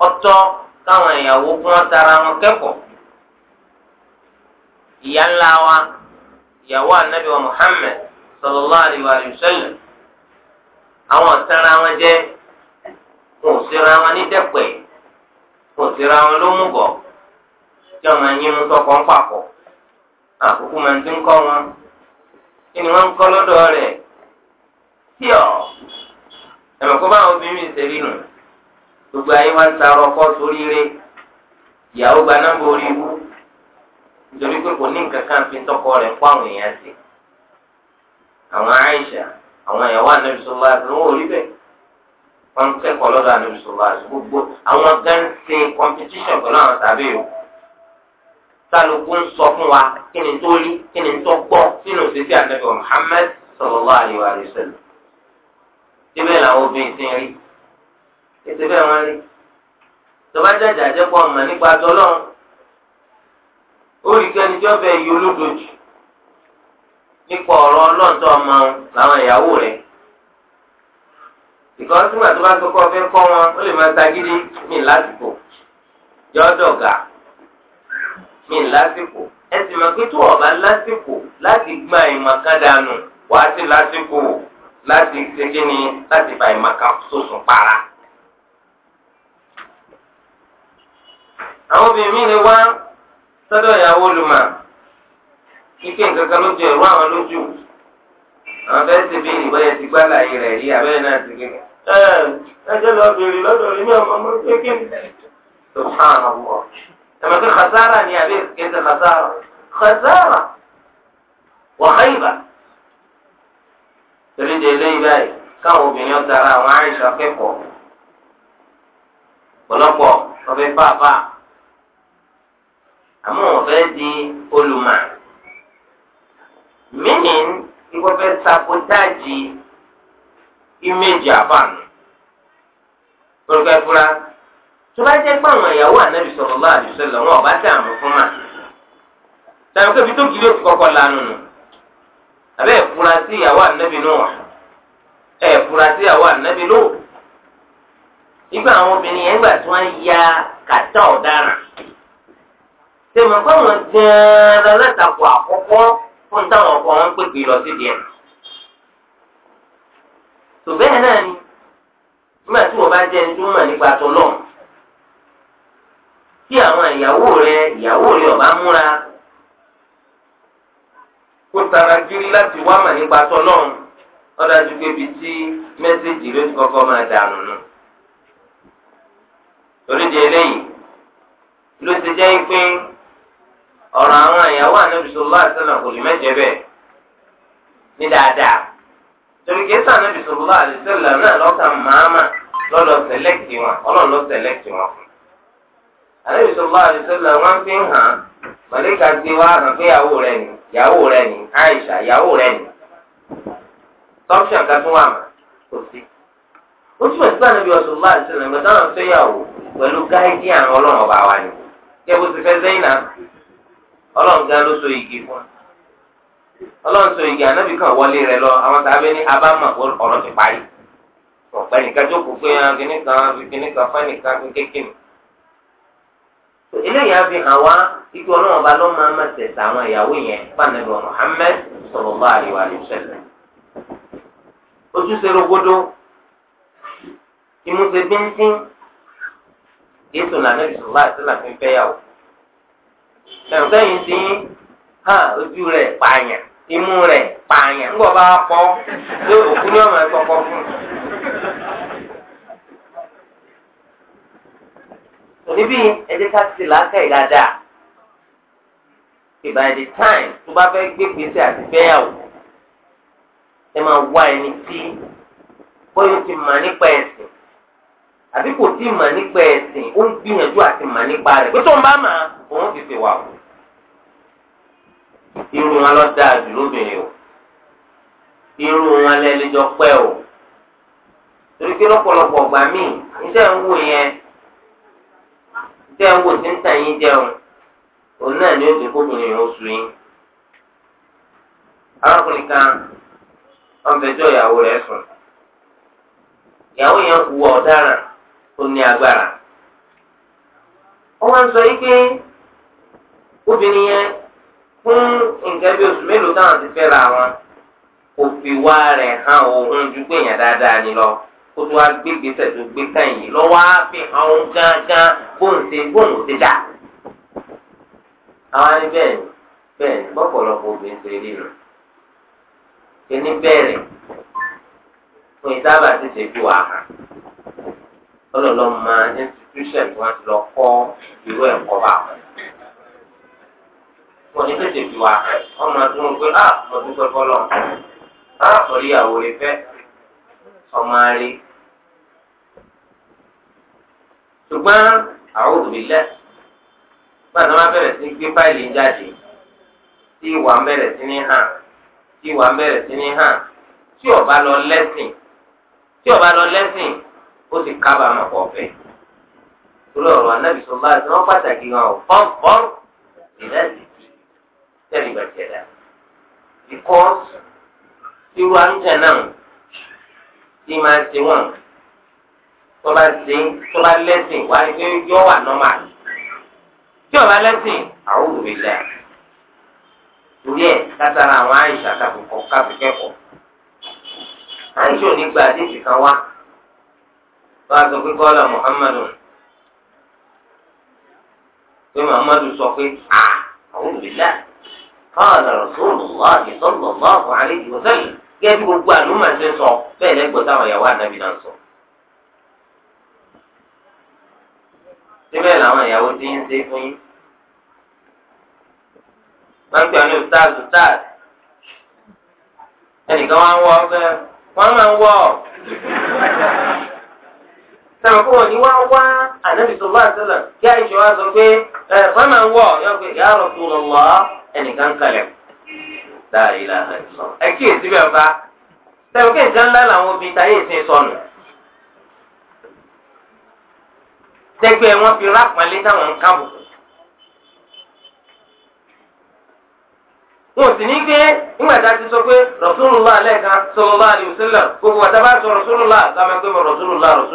ọtọ káwọn ìyàwó kún wọn tara wọn kẹ́kọ̀ọ́ ìyá ńlá wa ìyàwó anabi wa Muhammad sallallahu alayhi wa sallam àwọn tara wọn jẹ kò síra wọn ní kò síra wọn ló mú ọmọ yín mú tọkọ àkókò Kini, ni wọ́n ń kọ́ lọ́dọ̀ rẹ̀ tí ọ̀ ẹ̀mọ̀ kó bá àwọn obìnrin ṣe rí nù gbogbo ayé wọn ta ọkọ sórí rẹ ìyàwó gba nọ́mbà orí wú nítorí pé kò ní nǹkan kan fi tọkọ kó àwọn èèyàn sí àwọn Aisha àwọn ìyàwó Ànábì sallallahu rí bẹ́ẹ̀ gbogbo àwọn pẹ̀lú àwọn tàbí kálukú ń sọ fún wa kí ni tó rí kí ni tó gbọ́ nínú òṣèṣì àtẹ̀kọ̀ Muhammad sallallahu alaihi wa sallam. síbẹ̀ làwọn obìnrin ti ń rí ètò bẹ́ẹ̀ wọ́n rí tọ́ba jàjà àjẹpọ̀ ọmọ nípa tọ́lọ́run ó rí kẹ́ni tí wọ́n fẹ́ yí olódojì nípa ọ̀rọ̀ ọlọ́ọ̀tọ́ ọmọ làwọn ìyàwó rẹ̀ ìkànnì tí wọ́n tó bá gbé fẹ́ kọ́ wọn ó lè máa ta gidi mí lásìkò ní lásìkò ẹ sì mọ̀ pé tó ọ̀bá lásìkò láti gba ìmọ̀kádànù wá sí lásìkò láti ṣèkínni láti fa ìmọ̀ká sọ̀sùn para. àwọn obìnrin mi lè wá sọ́dọ̀ ìyàwó olùmọ̀ ike nǹkankan ló jẹ ìrú àwọn lójú àwọn bẹ́ẹ̀ ti bí ìbọyẹ ti gbá láàyè rẹ̀ rí abẹ́rẹ́ náà ti gbé ẹ ẹ jẹ́ lọ́ọ́ bèrè lọ́dọ̀ rí mi ọmọ ọmọ kékeré. subhanallah tẹ̀mọ̀ pé khasara ni àbí kéde khasara khasara wà khayba torí de eléyìí báyìí káwọn obìnrin ọ̀tara àwọn àìsàn akẹ́kọ̀ọ́ pọ̀lọpọ̀ ọ̀fẹ́ fàáfà àmọ́ ọ̀fẹ́ di olùmọ̀ mínìn ìkọ̀fẹ́ sabotáàjì ìméjì àbànú olùkọ́ ẹ̀fúra tó bá jẹ́ pé àwọn ìyàwó ànábì sallallahu alaihi wasallam wọn ọba tẹ àmú fún mà tàbí pé bitó kìlí òtún kọ́kọ́ lanu nù abẹ́ ẹ̀fura sí ìyàwó ànábì nù ẹ̀fura sí ìyàwó ànábì lò ìgbà àwọn obìnrin yẹn gbà tí wọ́n ya kàtà ọ̀daràn tèmọ̀ pé àwọn gan-an lọ́tàkùn àkọ́kọ́ fún táwọn ọkọ wọn pèpè lọ sí díẹ̀ nígbà tí wọ́n bá jẹ́ ẹni tó mọ̀ nípa tọ́lọ́mù tí àwọn ìyàwó rẹ ìyàwó rẹ ọba múra kó tara láti wá mà nípa tọlọ́run ọ̀dájú pé ibi tí mẹ́sẹ̀gì ló ti kọ́kọ́ máa dànù nù. torí di eléyìí ló ti jẹ́ pé ọ̀rọ̀ àwọn ìyàwó ànábì sallallahu kò lè mẹ́jẹ bẹ́ẹ̀ ní dáadáa torí kẹsàn ànábì sallallahu náà lọ́kàn máàmá lọ́dọ̀ wọn ọlọ́run wọn fún àlejò sọlá àdìsọlá wọn fi hàn án màlíkà gbé wá hàn pé yàwó rẹ ni yàwó rẹ ni Aisha yàwó rẹ ni tọ́pṣọ̀n kan wà mà kò sí. ó túmọ̀ sí ànábi ọ̀sùn bá àti sọ̀rọ̀ ìgbà táwọn tó yàwó pẹ̀lú gáídì àwọn ọlọ́run ọba wa ni. kí bó ti fẹ́ Zaina ọlọ́run gan ló so igi fún ọlọ́run so igi ànábi kan wọlé rẹ lọ àwọn sábẹ́ ní ọ̀rọ̀ ti parí. eléyìí á fi hàn wá ikú ọlọ́run ọba ló máa ń mẹsẹ̀sẹ̀ àwọn ìyàwó yẹn fanabi Muhammad sallallahu ojúṣe rogodo ìmúṣe ojú rẹ̀ pààyàn imú rẹ̀ pààyàn ńgbọ̀ bá pọ̀ òkú fún un. oníbí ẹjẹ ká ti láǹkà yìí dáadáa by the time tó bá fẹ́ gbé gbèsè àti fẹ́yàwó ẹ máa wá ẹni tí bóyá ti mà nípa ẹ̀sìn àbí kò tí mà nípa ẹ̀sìn ó ń gbìyànjú àti mà nípa rẹ̀ pé tó ń bá mà òun ti fi wà o irun wọn lọ dáa jù lóbìnrin o irun wọn lẹ́lẹ́jọ pẹ́ o torí pé lọ́pọ̀lọpọ̀ ọgbà míì iṣẹ́ ń wò yẹn. tẹ́ a wò tí ń tàn yín jẹun òun náà ni ó ti kóbìnrin yẹn ó su yín. arákùnrin kan wọn fẹjọ́ ìyàwó rẹ̀ sùn ìyàwó yẹn kú ọ̀daràn tó ní agbára. wọ́n sọ yìí pé obìnrin yẹn fún nǹkan bí oṣù mélòó táwọn ti fẹ́ ra wọn kò fi wá rẹ̀ hàn òun ju pé èèyàn kó tó wá gbé gbèsè tó gbé kẹ́yìn lọ́wọ́ á fi hàn án gángan bóun ṣe bóun ṣe dà. àwọn ẹni bẹ́ẹ̀ ni bẹ́ẹ̀ ni bọ́pọ̀lọpọ̀ obìnrin ṣe rí nù. kíní bẹ̀rẹ̀ fún ìsábà ti ṣe fi wàá hàn. ọlọ́lọ́ máa institution tí wọ́n ti lọ kọ́ irú ẹ̀kọ́ bá wọn. wọ́n ní tètè fi wàá hàn wọ́n máa tún un pé ah mo tún fẹ́ fọ́lọ́ ah ìyàwó rẹ fẹ́ ọmọ rẹ ṣùgbọ́n àwọn òbílẹ̀ gbàdá máa bẹ̀rẹ̀ sí gbé fáìlì jáde tí ìwà ń bẹ̀rẹ̀ sí ní hàn tí ìwà ń bẹ̀rẹ̀ sí ní hàn tí ó bá lọ lẹ́sìn tí ó bá lọ lẹ́sìn ó sì kábàámọ̀ pọ̀ fẹ́. torí ọ̀rọ̀ anábì sọ bá àti wọn pàtàkì hàn ọ́ fọ́nfọ́n ìrẹsì tẹ̀lé ìgbàjẹ́ dà. because irú àǹtẹ̀ náà ti máa ṣe wọ́n. tó bá ṣe tó bá lẹ́sìn wá ní pé wà nọ́mà tí lẹ́sìn àwọn lẹ́ torí àdéhùn kan wá sọ pé kọ́lá Muhammadu pé Muhammadu sọ pé àwọn lẹ́ kọ́lá gẹ́gẹ́ bí gbogbo àlùmọ̀ ṣe sọ bẹ́ẹ̀ táwọn ìyàwó síbẹ̀ làwọn ìyàwó ti ń ṣe fún yín. wọ́n ń pè ọ́ ní ẹnìkan ń ọ́fẹ́ wọ́n máa ń ọ́. sọ̀rọ̀ wá wá kí sọ pé wọ́n máa ń ẹnìkan kalẹ̀ láàrin ẹ bẹ́ẹ̀ bá kí ńlá làwọn obìnrin táyé ìsìn sọnù. tẹ́gbẹ́ wọn fi rápálẹ́ táwọn ń kábùkù. wọn sì ní ti sọ pé Rasulullah lẹ́ẹ̀kan sallallahu alaihi gbogbo wa tábà sọ Rasulullah sábà Rasulullah àwọn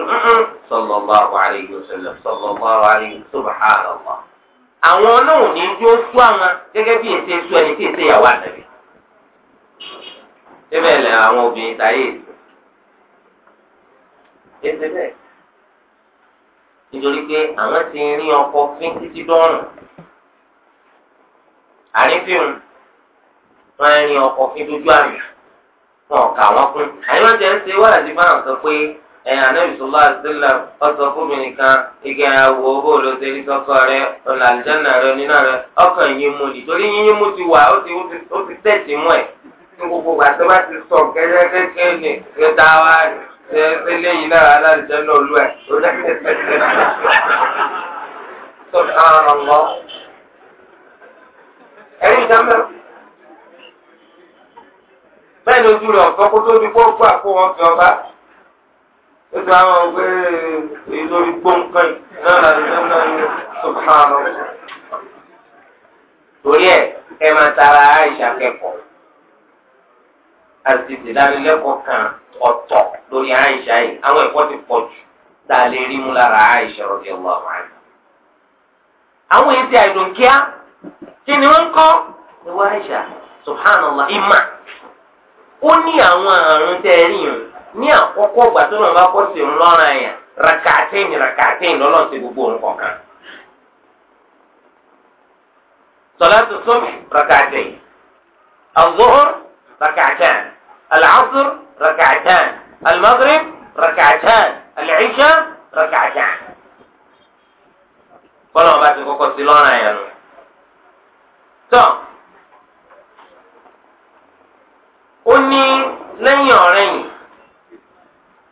náà ní àwọn bí ẹni tí yàwó ṣé bẹ́ẹ̀ lẹ àwọn obìnrin táyé nítorí pé àwọn ti rí ọkọ fín títí dọ́rùn àrífín wọn rí ọkọ fi dójú àmì wọn kà wọn kún àyẹ̀wò tẹ̀ ń ṣe wọ́n àti pé ẹ̀yìn anábì sọlá àdìsílà ọ̀sọ̀ fúnbìnrin kan igi àwọ̀ owó ló ṣe rí rẹ rẹ ọkàn yín mú yín ní gbogbo ìgbà tó bá ti sọ kẹ́kẹ́ kéèké ni ṣe tá a wá ṣe ṣe léyìn náà aláìjẹ́ náà lú ẹ̀ tó jẹ́ kí ṣe ṣe tó kàn án lọ. ẹ̀rí ìdámẹ́ bẹ́ẹ̀ ni ojú rẹ̀ ọ̀sán kó tó di kó gbà kó wọn fi ọba ó ti àwọn ọgbẹ́ èyí lórí gbóǹkan náà làlùjẹ́ náà ní tó kàn lọ. torí ẹ̀ ẹ máa tara àìsàn kẹ́kọ̀ọ́. àti ìdánilẹ́kọ̀ọ́ kan ọ̀tọ̀ lórí àìsà yìí àwọn ẹ̀kọ́ ti pọ̀ jù tá a lè rí mú lára àìsà rọ̀bì ọ̀wọ́ àwọn àìsà. àwọn èsì àìdùnkíá kí ni wọ́n kọ́ subhanallah ó ní àwọn àrùn ní àkọ́kọ́ tó bá kọ́ sí ti gbogbo sọlá العصر ركعتان المغرب ركعتان العشاء ركعتان kọ́nà ọba ti kọ́kọ́ sí lọ́rùn àyàn nù. tọ́ ó ní lẹ́yìn ọ̀rẹ́ yìí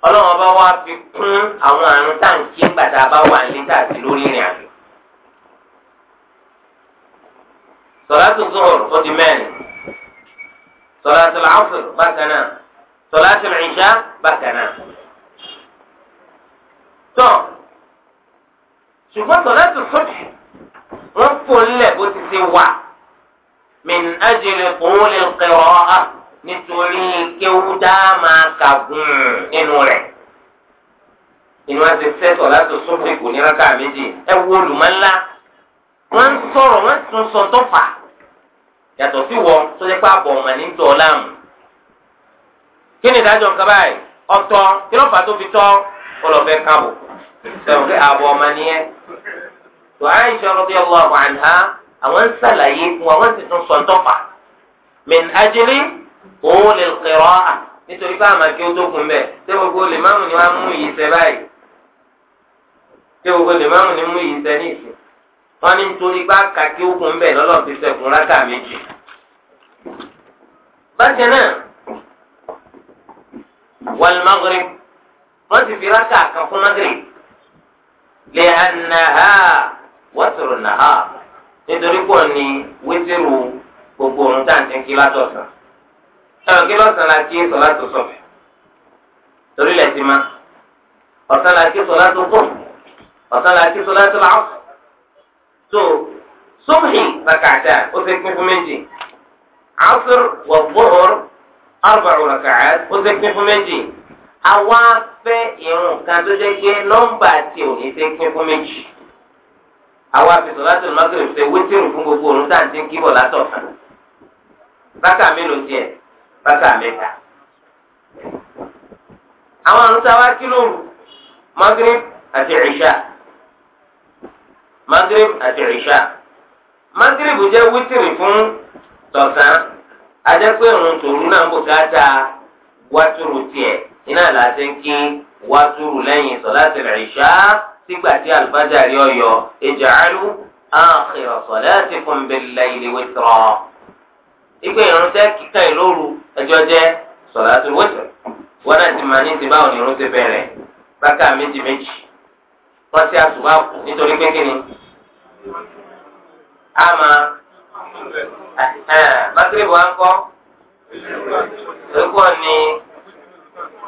ọlọ́run ọba wa fi kún àwọn àrùn táǹkì gbàdá bá wà níta àti lórí ìrìn àjò. sọ̀rọ̀ àtúntò ọ̀rọ̀ ó mẹ́rin. صلاة العصر بكنا صلاة العشاء بكنا tó ṣùgbọ́n صلاة الصبح wọ́n fún lẹ̀ من أجل طول القراءة nítorí kéwú dá máa kàgùn nínú rẹ̀ inú wa ti sẹ́tọ̀ láti sọ́fìkù ní rákà méjì ẹ wo olùmọ̀ńlá wọ́n ń sọ̀rọ̀ wọ́n tún sọ tó yàtọ̀ sí wọ tó ṣe pé àbọ̀ ọ̀mà ní tọ́ láàmú. kí ni ìdájọ́ nǹkan báyìí ọ̀tọ̀ kí ló fà tó fi tọ́ ọlọ́fẹ́ káàbọ̀ sẹ́wọ̀n pé àbọ̀ ọ̀mà nìyẹn. tó Aisha radiyallahu anha àwọn ń sàlàyé fún wa wọ́n sì tún sọ ntọ́fà. min ajli qul al-qira'ah nítorí pé àmà kí ó tó kun bẹ́ẹ̀ ṣé gbogbo lè máàmù ni wọ́n mú ìyí sẹ́ báyìí ṣé gbogbo lè máàmù ni mú ìyí sẹ́ ní wọ́n ní nítorí bá kàkí ogun bẹ́ẹ̀ lọ́lọ́run ti sẹ̀kùn rákà méjì. bákan náà wal maghrib ti fi rákà kan fún maghrib lè ànàhà wọ́n nàhà nítorí pọ̀ ní wíṣírù gbogbo ohun tá ń kí látọ̀sán. ẹ̀rọ kí lọ́sàn la kí sọ̀lá tó sọ̀fẹ̀ torí lẹ̀ ti ma la kí tó la so subhi rak'atan ó ti pín asr wa zuhur arba'u rak'at ó irun kan to jẹ́ pé nọ́mbà tí ò ní ti pín fún méjì àwa fi solatul maghrib ṣe wítìrì fún gbogbo òun tá à ń ti ń kíbọ̀ látọ̀kan bákà mélòó tiẹ̀ magrib àti ìṣá magrib jẹ́ wítìrì fún tọ̀sán ajẹ́pẹ́ òun tòru náà ń bò káàtà wátúrú tiẹ̀ iná làásì ń kí wátúrú lẹ́yìn sọ̀láṣì ìṣá sígbà tí alùpàjárì ọ̀yọ́ ìjàálù àkìrọ̀ sọ̀láṣì fún bẹ́lẹ̀ ilé wẹ́tọ̀rọ̀ ìgbẹ́ ìrántẹ́ kíkà ìlóru ẹjọ́ jẹ́ sọ̀láṣì wẹ́tọ̀rọ̀ wọ́n náà ti máa ní ti báwọn ìrántẹ́ bẹ̀rẹ̀ bákà méjì méjì wọ́n ti àtúbà kù nítorí pé kí ni a máa mákìrìbù wa ń kọ́ lóko ni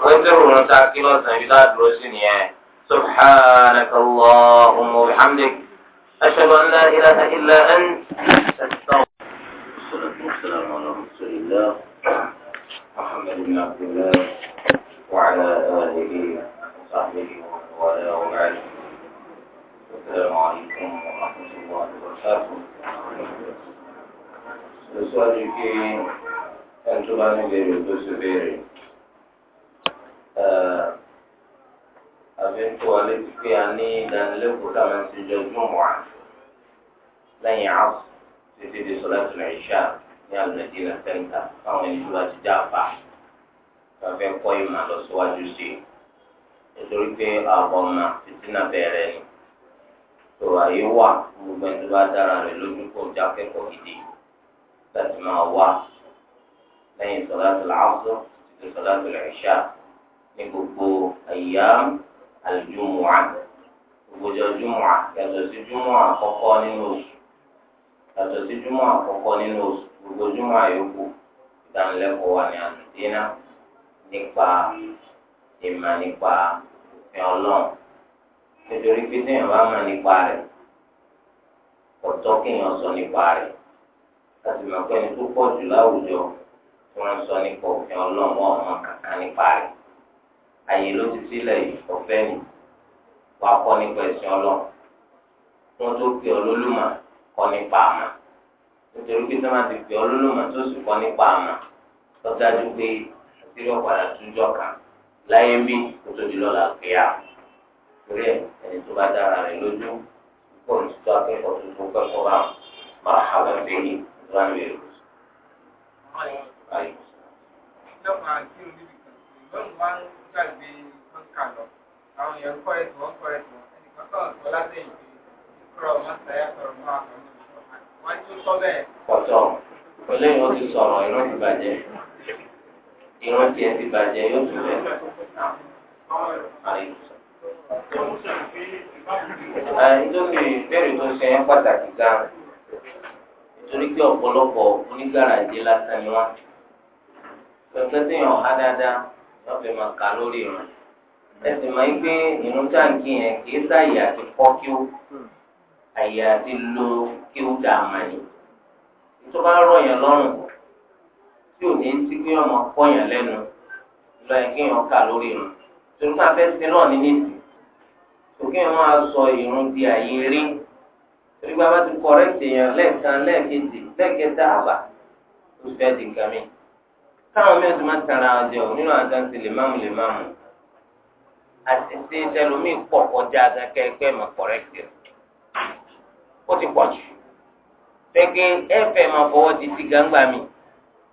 wọ́n ti rùn ta kí lọ́ọ́ sàn yìí ládùúró sí nìyẹn سبحانك اللهم وبحمدك أشهد أن لا إله إلا أنت أستغفرك والصلاة والسلام على رسول الله محمد بن عبد الله وعلى آله وصحبه ومن والاه وبعد السلام عليكم ورحمة الله وبركاته lọ́sọ́jú kí ẹni tó bá ní béèrè tó ṣe béèrè àfi ń tó wa létí pé a ní ìdánilẹ́kọ̀ọ́ táwọn ti jọ jùmọ̀ wá lẹ́yìn áwọ̀ títí di sọ̀lá tó lè ṣá ní àlùmọ̀dínà sẹ́ńtà táwọn ẹni tó ti dá àbá wọ́n fẹ́ kọ́ ìmọ̀ lọ síwájú sí i nítorí pé àwọn ọmọ títí náà bẹ̀rẹ̀ ni tó ààyè wà gbogbo ẹni tó bá dára rẹ̀ lójú kó já kẹ́kọ̀ọ́ gidi láti máa wá lẹ́yìn sọ̀láṣí làásù àti sọ̀láṣí làṣà ní gbogbo àyà àlùjùmùà gbogbo ọjọ́ jùmùà yàtọ̀ sí jùmùà àkọ́kọ́ nínú oṣù yàtọ̀ sí jùmùà àkọ́kọ́ nínú oṣù gbogbo jùmùà yòókù ìdánilẹ́kọ̀ọ́ wà ní àdùdínà nípa ìmọ̀ nípa ìfẹ́ ọlọ́run nítorí pé téèyàn bá mọ̀ nípa rẹ̀ ọ̀tọ̀ kéèyàn sọ nípa rẹ̀ láti mọ̀ pé ẹni tó pọ̀ jù láwùjọ tí wọ́n sọ nípa òfin ọlọ́mọ ọmọ kankan nípa rẹ̀ àyè ló ti sílẹ̀ ọ̀fẹ́ ni wàá kọ́ nípa ẹ̀sìn ọlọ́run wọ́n tó pè ọ́ lólùmọ̀ kọ́ nípa àmà nítorí pé sọ́mà ti pè ọ́ lólùmọ̀ tó sì kọ́ nípa àmà lọ́dájú pé àti ìrọ̀padà túnjọ́ kan láyé bí kò tó di lọ́la pé torí ẹ ẹni tó bá dára rẹ lójú pọ̀ ní títọ́ akẹ́kọ̀ọ́ tó tó kẹ́kọ̀ọ́ bá máa hà lọ sí i ìdúrà mi rò. ìjọba àti oníbi kan ìlọ́run máa ń gbàgbé kọ́ńkà lọ àwọn èèyàn kọ́ ẹ̀sùn wọ́n kọ́ ẹ̀sùn ẹnìkan sọ̀rọ̀ sọ látẹ̀yìn pé kúrọ̀ máa ṣàyà sọ̀rọ̀ máa kọ́ ní ìjọba wọ́n tún sọ bẹ́ẹ̀. ọ̀tọ̀ olóyìn ó ti sọ̀rọ̀ ìran ti bàjẹ́ ìran tiẹ̀ ti bàjẹ́ yóò tún bẹ̀ nítorí ìbéèrè tó ṣe yẹn pàtàkì gan nítorí pé ọ̀pọ̀lọpọ̀ onígbàràjé lásán ni wọ́n pẹ̀pẹ́ téèyàn há dáadáa wọ́n fi máa kà lórí ìrìn ẹsìn máa ń gbé ìrún táǹkì yẹn kì í sáàyè àti kọ́ kí ó àyè àti lo kí ó dà màní tó bá rọ̀ yẹn lọ́rùn tí ò ní sí pé ọmọ kọ́ yẹn lẹ́nu lọ kí yẹn kà lórí ìrìn tó ń bá fẹ́ sí náà òkè máa sọ ìrún di àyè rí torí bá a bá ti kọrẹ́tì èèyàn lẹ́ẹ̀kan lẹ́ẹ̀kejì lẹ́ẹ̀kẹta àbà tó fẹ́ di nǹkan mi káwọn mẹ́rin tó máa tara àwọn jẹ òun nínú àdá ti lè máàmù lè máàmù àti ṣe tẹlómi pọ̀ kọjá adákẹ́ ẹgbẹ́ mọ̀ kọrẹ́tì rẹ̀ ó ti pọ̀ jù pẹ̀kẹ́ ẹ fẹ́ máa fọwọ́ di ti gangba mi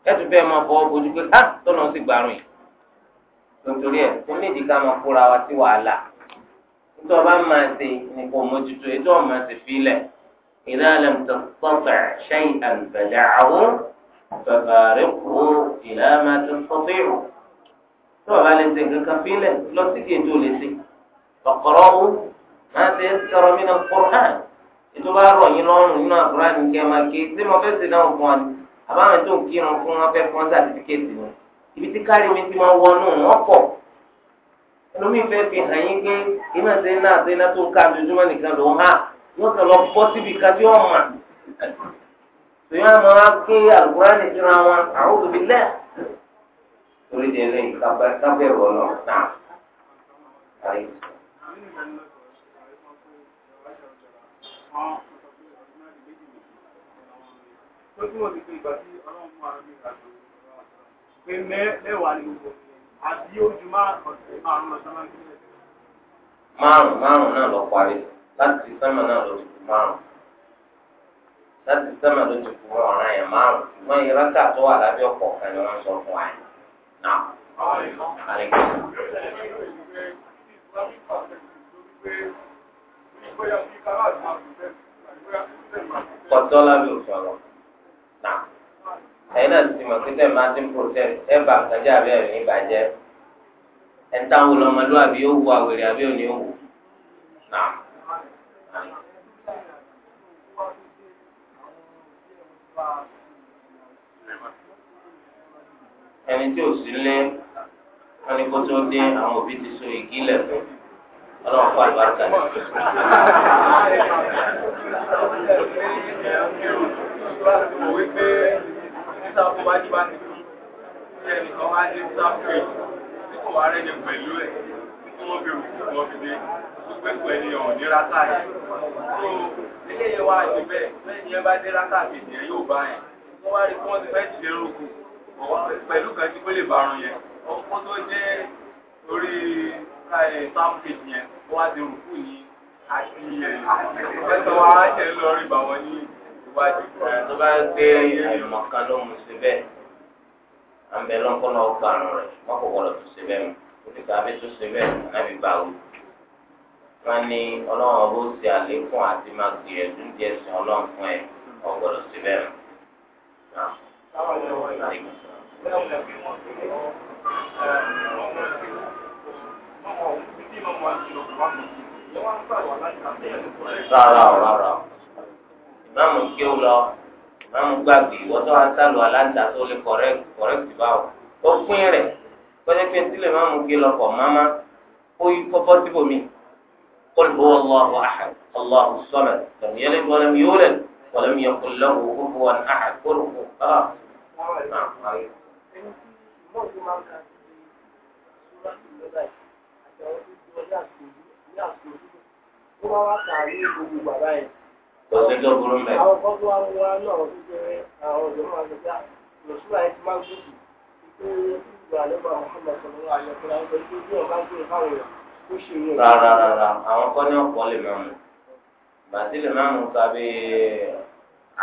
ẹ tún fẹ́ máa fọwọ́ bojú pé á ah, tọ́nà ó sì gbàrún yìí nítorí ẹ̀ tó nídìí ká máa kóra wa sí wàhálà nítorí ọba máa ṣe nìkan mójútó ètò ọba máa ṣe fílẹ̀ ìdá lẹ́m tó sọ́tẹ̀ ṣẹ́yìn àgbẹ̀dẹ̀ àwọn bàbàrẹ̀ kú ìlà máa tó sọ́tẹ̀ rò tó ọba lè ṣe kankan fílẹ̀ lọ sí kejì ó lè ṣe ọ̀kọ̀rọ̀ ó máa ṣe sọ̀rọ̀ mí náà kúrán ètò bá rọ̀ yín lọ́rùn nínú àkùrán nìkẹ́ máa ké sí mo fẹ́ ṣe náà fún ọ àbáwọn tó ń kírun fún wọn fẹ́ fún sátífíkẹ́tì ni ibi tí kárí mi ti máa wọnú wọn pọ̀ ẹlòmíì fẹ́ fi hàn yín pé iná ṣe iná ṣe iná tó ń ká ojoojúmọ́ nìkan ló ń hàn wọ́n kàn lọ bọ́ síbi ká tí wọ́n mà. ké wọn àwọn òbí náà. ìgbà tí ọlọ́run fún ara mi rà pé ni àbí ojú márùn-ún ọ̀sẹ̀ márùn-ún lọ́sẹ̀ máa ń gbé. márùn-ún márùn-ún náà lọ parí láti sẹ́mà náà lọ ti kú márùn-ún láti sẹ́mà ló ti kú ọ̀ràn yẹn márùn-ún ìyẹn rákà tó wà lábẹ́ ọ̀pọ̀ kan ni wọ́n sọ fún wa yẹn. náà kọ́tọ́ lábẹ́ òfin ọ̀rọ̀ ẹ̀yin náà ti mọ̀ pé tẹ̀ máa ti ń protest ẹ̀ bá àkànjá abẹ́ rẹ̀ ní ìbàjẹ́ ẹ̀ ń táwọn ọmọlúwàbí yóò wu àwèrè abẹ́ òní òwò náà. ẹni tí ò sí lé wọn ni kó tó dé àwọn òbí ti so igi lẹ̀kọ́ ọlọ́run kó àlùbáríkà ní. mo wí pé sáfù bá jí bá ti kú ṣe ẹnìkan wá ní sáfù rẹ̀ tí kò wá rẹ̀ ní pẹ̀lú ẹ̀ tí wọ́n bẹ̀rù fún wọn fi dé pẹ̀lú ẹni ọ̀hún ní rátà yẹn. tó ilé yẹn wá ṣe bẹ́ẹ̀ lẹ́yìn yẹn bá dé rátà kejì yẹn yóò bá yẹn wọ́n wá rí kí wọ́n ti fẹ́ jìde rúkú pẹ̀lú kan tí kò lè bàrùn yẹn ọkùn tó dé orí sáfù kejì yẹn wọ́n á ti rúkú ní àti ẹ̀ẹ́dẹ́gbẹ̀ta wá tó bá gbé àìmọ̀ kan ló mu sí bẹ́ẹ̀ à ń bẹ lọ́kọ́lọ́ gbàrún rẹ̀ wọ́n kò wọ́lọ̀ tó sí bẹ́ẹ̀ mu òtítọ́ abẹ́ tó sí bẹ́ẹ̀ ànábì bá wù. wọ́n ní ọlọ́run ọ̀bọ̀ ti àlékún àti máa gbìyànjú díẹ̀ sí ọlọ́run fún ẹ̀ ọ̀gbọ̀dọ̀ sí bẹ́ẹ̀ mu. Àwọn ọ̀dọ́ wọn ìlànà ìmáàmù kí ó lọ ìmáàmù gbàgbé ìwọ́tọ́ asálù aláǹdà tó lè kọ̀rẹ́kì kọ̀rẹ́kì báwò ó pín rẹ̀ kọ́ni pé sílẹ̀ máàmù kí lọkọ̀ máma ó yí kọ́kọ́ síbò mí qul huwa Allahu ahad Allahu samad lam yalid wa lam yulad ah. ó máa wá sàárè gbogbo bàbá yẹn lọ́sẹ̀ tó burú mẹ́. àwọn kan tó wà ń wá náà wọ́n ti jẹ́ àwọn ọ̀dọ́ máa ń gbà lọ́sùlà ẹ̀ ti máa ń gbòdì pé ìgbà lọ́gbà mọ́kànlá sọ̀rọ̀ àyẹ̀kọ́ láti pé bí ọba ń gbé báwọn èèyàn ó ṣe yẹ. rárá rárá àwọn kan ní ọ̀pọ̀ lè máa mú bàtí lè máa mú sábẹ́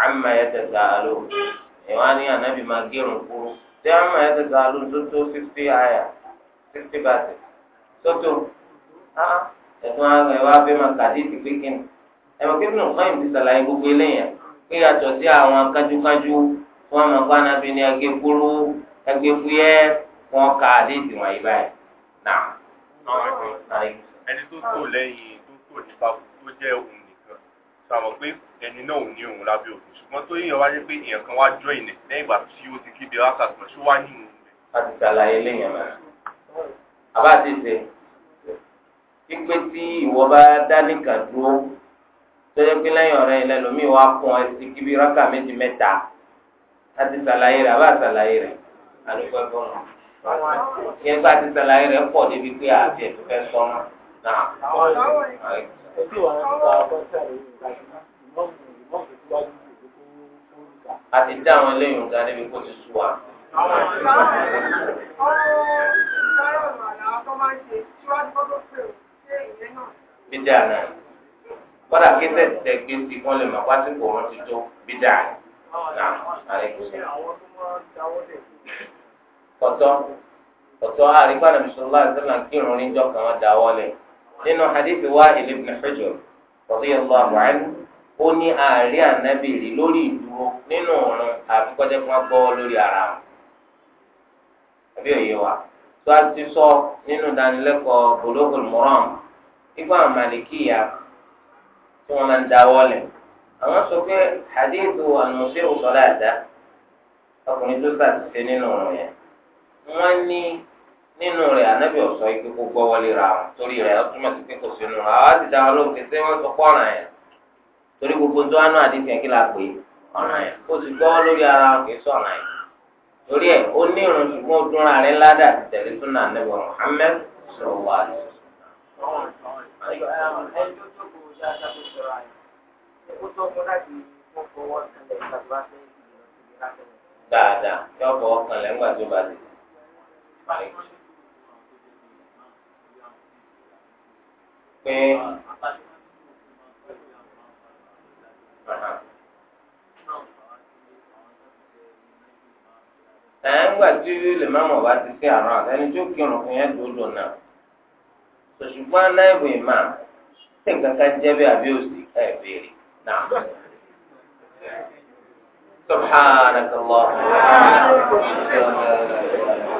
àmà ẹ̀ tẹ̀sà àlò ìwọ́n á ní ànábì máa gérun kúrú tí àmà ẹ̀ tẹ̀sà àlò tó tó tó ẹ̀wọ̀n kí nínú fáyìn ti sàlàyé gbogbo eléyàn pé yàtọ̀ sí àwọn kájúkájú wọn máa bá nàbí ní agé kúrú agé fúyẹ́ wọn kà á dé ìdìwọ̀n yìí báyìí. náà ẹni tó tó lẹ́yìn tó tó nípa tó jẹ́ òun nìkan sàmọ̀ pé ẹni náà ò ní òun lábẹ́ òfin ṣùgbọ́n tó yíyan wájú pé èèyàn kan wá jọ ìnẹ̀ lẹ́yìn ìgbà tí ó ti kéde wákàtí ṣó wá ní òun. a ti sàlàyé lẹ́yìn àmà àbá ti ṣe pípé tí ìwọ bá dá nìkan dúró lọ́jọ́ pé lẹ́yìn ọ̀rẹ́ yìí lẹ́lòmíì wá kún ẹ sí kíbi rákà méjì mẹ́ta láti ṣàlàyé rẹ̀ àbá ṣàlàyé rẹ̀ àdúgbò ẹ̀fọ́ nù. yẹn gba ti ṣàlàyé rẹ̀ pọ̀ débi pé àti ẹ̀tù fẹ́ sọ mọ́. a ti dá àwọn eléyìí nǹkan débi kó ti sú wa. Bídà náà kọ́dà kí tẹ̀sítẹ̀ gbé sí wọ́n lè mọ̀ pásítọ̀ wọn ti tó bídà náà àlékún. ọ̀tọ́ ọ̀tọ́ àríkọ́ àdàbí sọlá àdìsọ́lá kírun níjọ́ kan wọ́n dáwọ́ lẹ̀ nínú hadithi wa ibn Hujr radiyallahu anhu ó ní ààrí ànábì rí lórí ìdúró nínú ọ̀run àfikọ́jẹ́ fún agbọ́ lórí ara wọn. àbí òye wa tó a ti sọ nínú ìdánilẹ́kọ̀ọ́ Bulughul Maram nígbà Màlìkíyà tí wọ́n máa ń dáwọ́ lẹ̀ àwọn sọ pé hadithu ànùsẹ́ òsọ̀lá àdá ọkùnrin tó sàtìsẹ́ nínú ọ̀rùn yẹn wọ́n ní nínú rẹ̀ ànábì ọ̀sọ́ yìí kó gbọ́ wọlé ra wọn torí rẹ̀ ọtún mọ̀ sí pé kò sínú rẹ̀ àwọn àti dáwọ́ lóhùn kẹsẹ́ wọn sọ pọ́ ọ̀ràn yẹn torí gbogbo tó wánú àdìsí yẹn kí la pè ọ̀ràn yẹn kó sì gbọ́ lórí ara wọn kìí sọ̀ràn yẹn torí ẹ̀ ó ní irun ṣùgbọ́n ó dúnra rẹ̀ ládàá ti tẹ̀lé súnà ànábì Muhammad sọ̀rọ̀ wà lẹ́yìn dáadáa tó jọra rẹ̀ ṣé ó tọ́ fún láti kó fọwọ́ sílẹ̀ nígbà tó bá fẹ́ ìgbìyànjú láti rẹ̀. dáadáa kí wọ́n fọwọ́ kan lẹ̀ nígbà tó bá dé. pé ẹ̀ẹ́ngbà tí lè má bá ti sí àrùn àtẹni kírun fún yẹn tó lò náà ṣùgbọ́n náà ìwé máa tí nǹkan kan jẹ́ bẹ́ẹ̀ àbí òsì ẹ̀ béèrè náà. سبحانك اللهم وبحمدك